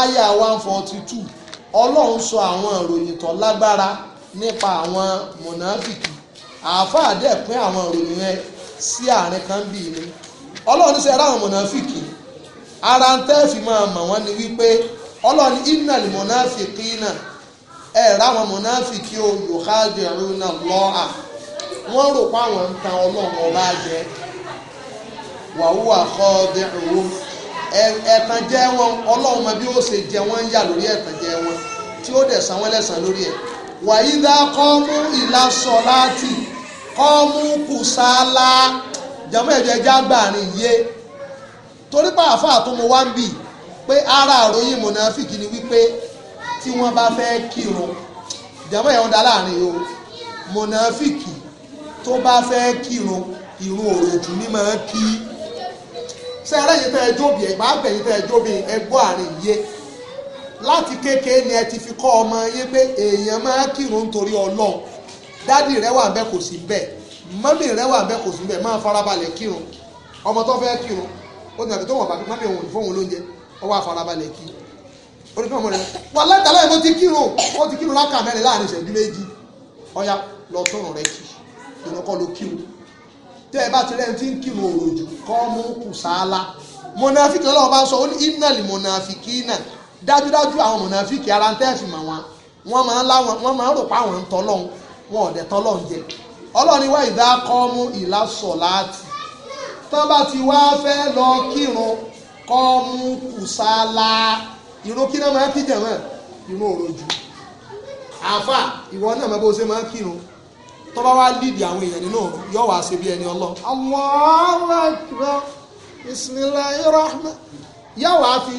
àyà one forty two ọlọ́run sọ àwọn ìròyìn tó lágbára nípa àwọn mọ̀nàfíìkì àáfàá dẹ̀ pín àwọn ìròyìn yẹn sí àárín kan bíi ni ọlọ́run ṣe ara ń fi máa mọ̀ wọ́n ni wípé ọlọ́run o wọ́n rò pé àwọn ń tan ọba jẹ ẹ̀tàn jẹ wọn ọlọ́run mọ bí ó ṣe jẹ wọ́n ń yà lórí ẹ̀tàn jẹ wọn tí ó dẹ̀ san wọ́n lórí ẹ̀ wàyí dá kọ́ mú kọ́mú kùsàlà jàmọ́ ẹ̀jẹ̀ jágbàrin yé torí pàáfà tó mo wá ń bì pé ara àròyìn mọ̀nàfíkì ni wípé tí wọ́n bá fẹ́ kírun jàmọ́ ẹ̀hún dá láàrin o mọ̀nàfíkì tó bá fẹ́ kírun ìrun òròjú ni máa kí ṣe ara yìí fẹ́ jóbi ẹ̀ máa bẹ̀yìn fẹ́ jóbi ẹgbọ́ àárín yé láti kékeré ni ẹ ti fi kọ́ ọmọ yín pé èèyàn máa kírun torí ọlọ́run dádì rẹ wà bẹ́ẹ̀ kò sí bẹ́ẹ̀ mọ́mì rẹ wà bẹ́ẹ̀ kò sí bẹ́ẹ̀ máa farabalẹ̀ kírun ọmọ tó fẹ́ kírun ó ti nàbí tó wọ̀n bàbí mọ́mì òun fóun lóúnjẹ ó wà farabalẹ̀ kí ó ní fún ọmọ rẹ wà látàlá yẹn mo ti kírun ó ti kírun láka mẹ́rin láàrin ìṣẹ́jú méjì ọ̀ya lọ tọ̀rùn rẹ kí ìrànkọ́ ló kírun tẹ́ ẹ bá ti rẹ́ni tí ń kírun òròjù kọ́ mú kùsàálà mọ̀nàfíkì ọlọ́run bá ń sọ ó ní ìnàlì mọ̀nàfíkì náà dájúdájú àwọn mọ̀nàfíkì ara ń tẹ́ẹ̀fì mọ̀ wọn wọ́n máa ń rò pa àwọn ń tọ́ lọ́hùn wọn ò dẹ̀ tán lọ́n jẹ ọlọ́ni wá ìdá kọ́mú ìlà sọ̀láàtì tán bá ti wá fẹ́ lọ kírun kọ́mú kùsàlà ìró kí náà máa kí jẹ̀mọ́ ìró òròjú àfà ìwọ náà máa bó ṣe máa kírun tó bá wá lídìí àwọn èèyàn nínú yóò wá ṣe bí ẹni ọlọ́ Allahu Akbar bismillahir rahman yóò wá fi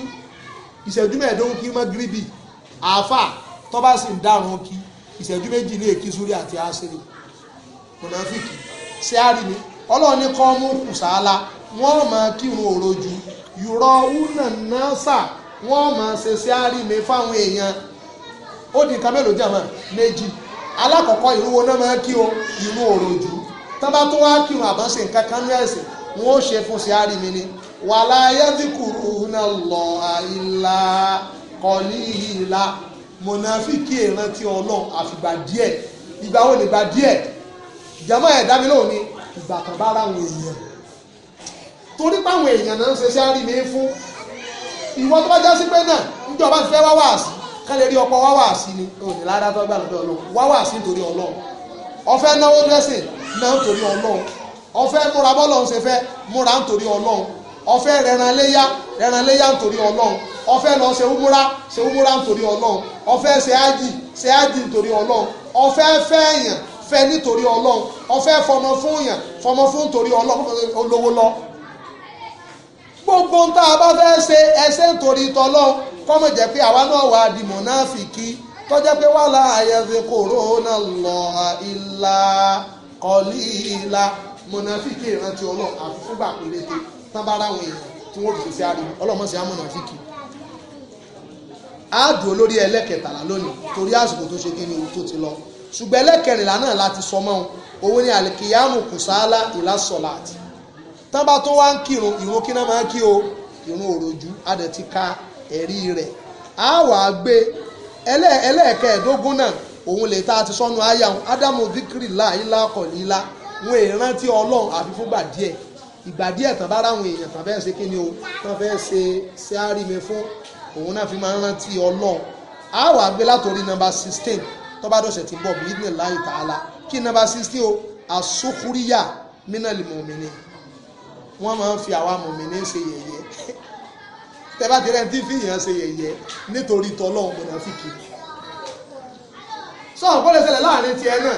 ìṣẹ́jú mẹ́ẹ̀ẹ́dógún kí mọ́ gíríbì àfà tó bá sì ń dárun kí ìṣẹ́jú méjì ní èkí súrí àti àṣírí mọ̀nàfíìkì ṣé a ni ọlọ́run ní kọ́ mú kùsàálà wọ́n máa kírun òrojú yùrọ̀ húnà náà sà wọ́n máa ṣe ṣé a rí mi fáwọn èèyàn ó di nǹkan mélòó jẹ́ mọ́ méjì alákọ̀ọ́kọ́ ìrúwo náà máa kí o ìrú òrojú tán bá tó wá kírun àbọ̀ṣe nǹkan kan ní ẹ̀sìn wọ́n ó ṣe fún ṣé a mi ni wàlá yẹ́díkùrú náà lọ́ọ́ àìlá kọ́lí ìlà mọ̀nàfíkì ìrántí ọlọ́run àfìgbà díẹ̀ ìgbà wo nìgbà díẹ̀ ìjàmọ́ ẹ̀dá mi lóhùn ni ìgbà kan bá ara àwọn èèyàn torí páwọn èèyàn náà ń ṣe sáré mi fún ìwọ tó bá já sí pé náà níjọba ti fẹ́ wá wá sí ká lè rí ọ̀pọ̀ wá wá sí ni òní lára tó gbà lọ́dọ̀ ọlọ́run wá wá sí nítorí ọlọ́run ọ̀fẹ́ náwó dẹ́sìn náà nítorí ọlọ́run ọ̀fẹ́ múra bọ́lọ́run ṣe fẹ́ múra nítorí ọlọ́run ọfẹ́ rẹran léyà rẹran léyà nítorí ọlọ́run ọfẹ́ lọ ṣe wúmúra ṣe wúmúra nítorí ọlọ́run ọfẹ́ ṣe ájì ṣe ájì nítorí ọlọ́run ọfẹ́ fẹ́ èèyàn fẹ́ nítorí ọlọ́run ọfẹ́ fọmọ fún èèyàn fọmọ fún nítorí ọlọ́run olówó lọ. gbogbo tá a bá fẹ́ ṣe ẹsẹ̀ nítorí tọlọ́run kọ́mọ̀ jẹ́ pé àwa náà wà á di mọ̀náfìkì tọ́jẹ́ pé wà láàyè fi kòrónà lọ ìlà kọ́lí ìlà mọ̀náfìkì ìrántí ọlọ́run àfi fúgbà péréte tán bá ráwọn èèyàn tí wọ́n fi ṣe ariwo ọlọ́mọ sí amúnà fíkì áàdù olórí ẹlẹ́kẹtàlá lónìí torí àsìkò tó ṣe kí ni tó ti lọ ṣùgbọ́n ẹlẹ́kẹrìnlá náà láti sọ mọ́ òun ní àlìkìyàmù kùsàálà ìlàsọ̀láàtì tán bá tó wá ń kírun ìrun kí náà máa kí o ìrun òròjú adẹ̀ ti ka ẹ̀rí rẹ̀ á wà á gbé ẹlẹ́ẹ̀kẹ́ẹ̀dógún náà òun lè tá a ti sọnù àyà ádámù díkìrì láìláàkọ̀ líla wọn èèrántí ọlọ́run àfi fúngbà díẹ̀ ìgbà díẹ̀ tán bá ráwọn èèyàn tán fẹ́ ṣe kíni o tán fẹ́ ṣe ṣe àrími fún òun náà fi máa ń rántí ọlọ́run a wà gbé látòrí nọ́mbà sixteen tó bá dọ̀sẹ̀ tí ń bọ̀ bíi nílá ìtàlá kí nọ́mbà sixteen o àsókúríyà mínàlì mọ̀mìnì wọ́n máa ń fi àwa mọ̀mìnì ṣe yẹ̀yẹ́ tẹ́bá ti rẹ́ ní tífì yẹn ṣe yẹ̀yẹ́ nítorí tọ́lọ́run mọ̀nà fìkì sọ̀rọ̀ kó lè ṣẹlẹ̀ láàrin tiẹ̀ náà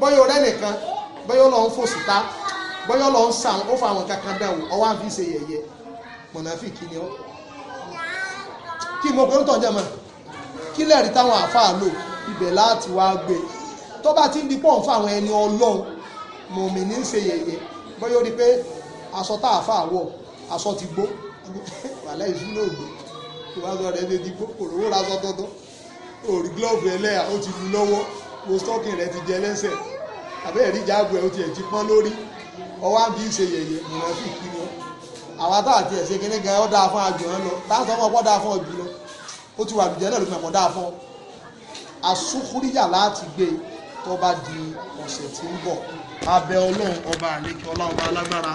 bọ́yọ̀ rẹ́ nìkan bọ́yọ̀ lọ́n fòṣìta bọ́yọ́ lọ ń sàn ó fa àwọn kankan dánwò ọwọ́ àfi ṣe yẹ̀yẹ́ mọ̀nàfíìkì ni ọ́ kí mo kọ́ ń tọ́jà mọ́ kí lẹ́rìí táwọn àáfàá lò ibẹ̀ láti wá gbé tó bá ti ń di pọ́ùn fún àwọn ẹni ọlọ́run mọ̀mí ní í ṣe yẹ̀yẹ́ bọ́yọ́ rí pé aṣọ tá àáfàá wọ̀ aṣọ ti gbó wàlẹ́ ìṣúná ògbó ìwádìí ọ̀rẹ́ ẹni ti gbó kò rówó ra aṣọ tuntun òrí glove ẹlẹ́yà ó ti lu lọ́wọ́ wo stocking rẹ ti jẹ lẹ́sẹ̀ àbẹ́ẹ̀rí ìjáàbù ẹ̀ ó ti ẹ̀ ti pọ́n lórí ọwọ́ àbí ṣe yẹ̀yẹ̀ mùnàfíì kí ni àwa tá àti ẹ̀ṣẹ̀ kíní gan ọ́ dáa fún àjùwọ̀n lọ táwọn ọmọ ọ̀pọ̀ dáa fún ọ̀jù lọ ó ti wà lùjẹ́ náà ló mẹ̀pọ̀ dáa fún asúkúríyà láti gbé e tó bá di ọ̀sẹ̀ tí ń bọ̀ abẹ ọlọ́run ọba àlekí ọlá ọba alágbára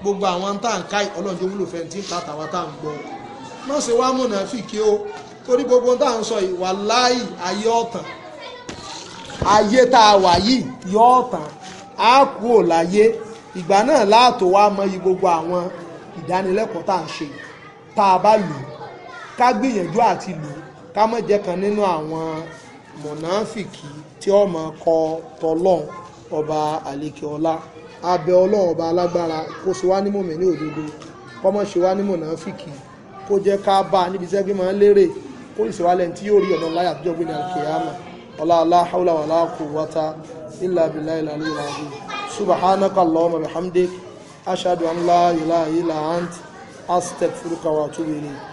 gbogbo àwọn tá à ń ká ọlọ́run tó wúlò fẹ́ntì látàwọn tá à ń gbọ́ má ṣe wá mùnàfíì kí torí gbogbo tá à ń sọ yìí wà láì ayé ọ̀tàn ayé tá a wà yìí yọ ọ̀tàn á kú ò láyé ìgbà náà láàtò wá mọyì gbogbo àwọn ìdánilẹ́kọ̀ọ́ tá à ń ṣe tá a bá lò ká gbìyànjú àti lò ká má jẹ́ kan nínú àwọn mọ̀nàfìkì tí ọmọ kọ tọlọ́n ọba àlekè ọlá abẹ ọlọ́run ọba alágbára kó ṣe wá ní mòmìnì òdodo kọ́mọ ṣe wá ní mọ̀nàfìkì kó jẹ́ ká bá a níbi sẹ́gbẹ́ máa ń lérè kó ìṣèwálẹ̀ tí yóò rí ọ̀nà láyà tó gbé ní àkèyàmà ọlá aláhàwùlà wàlá kò wáta illa billahi al-aliyyil azim subhanaka allahumma bihamdik ashhadu an la ilaha illa ant astaghfiruka wa atubu ilayk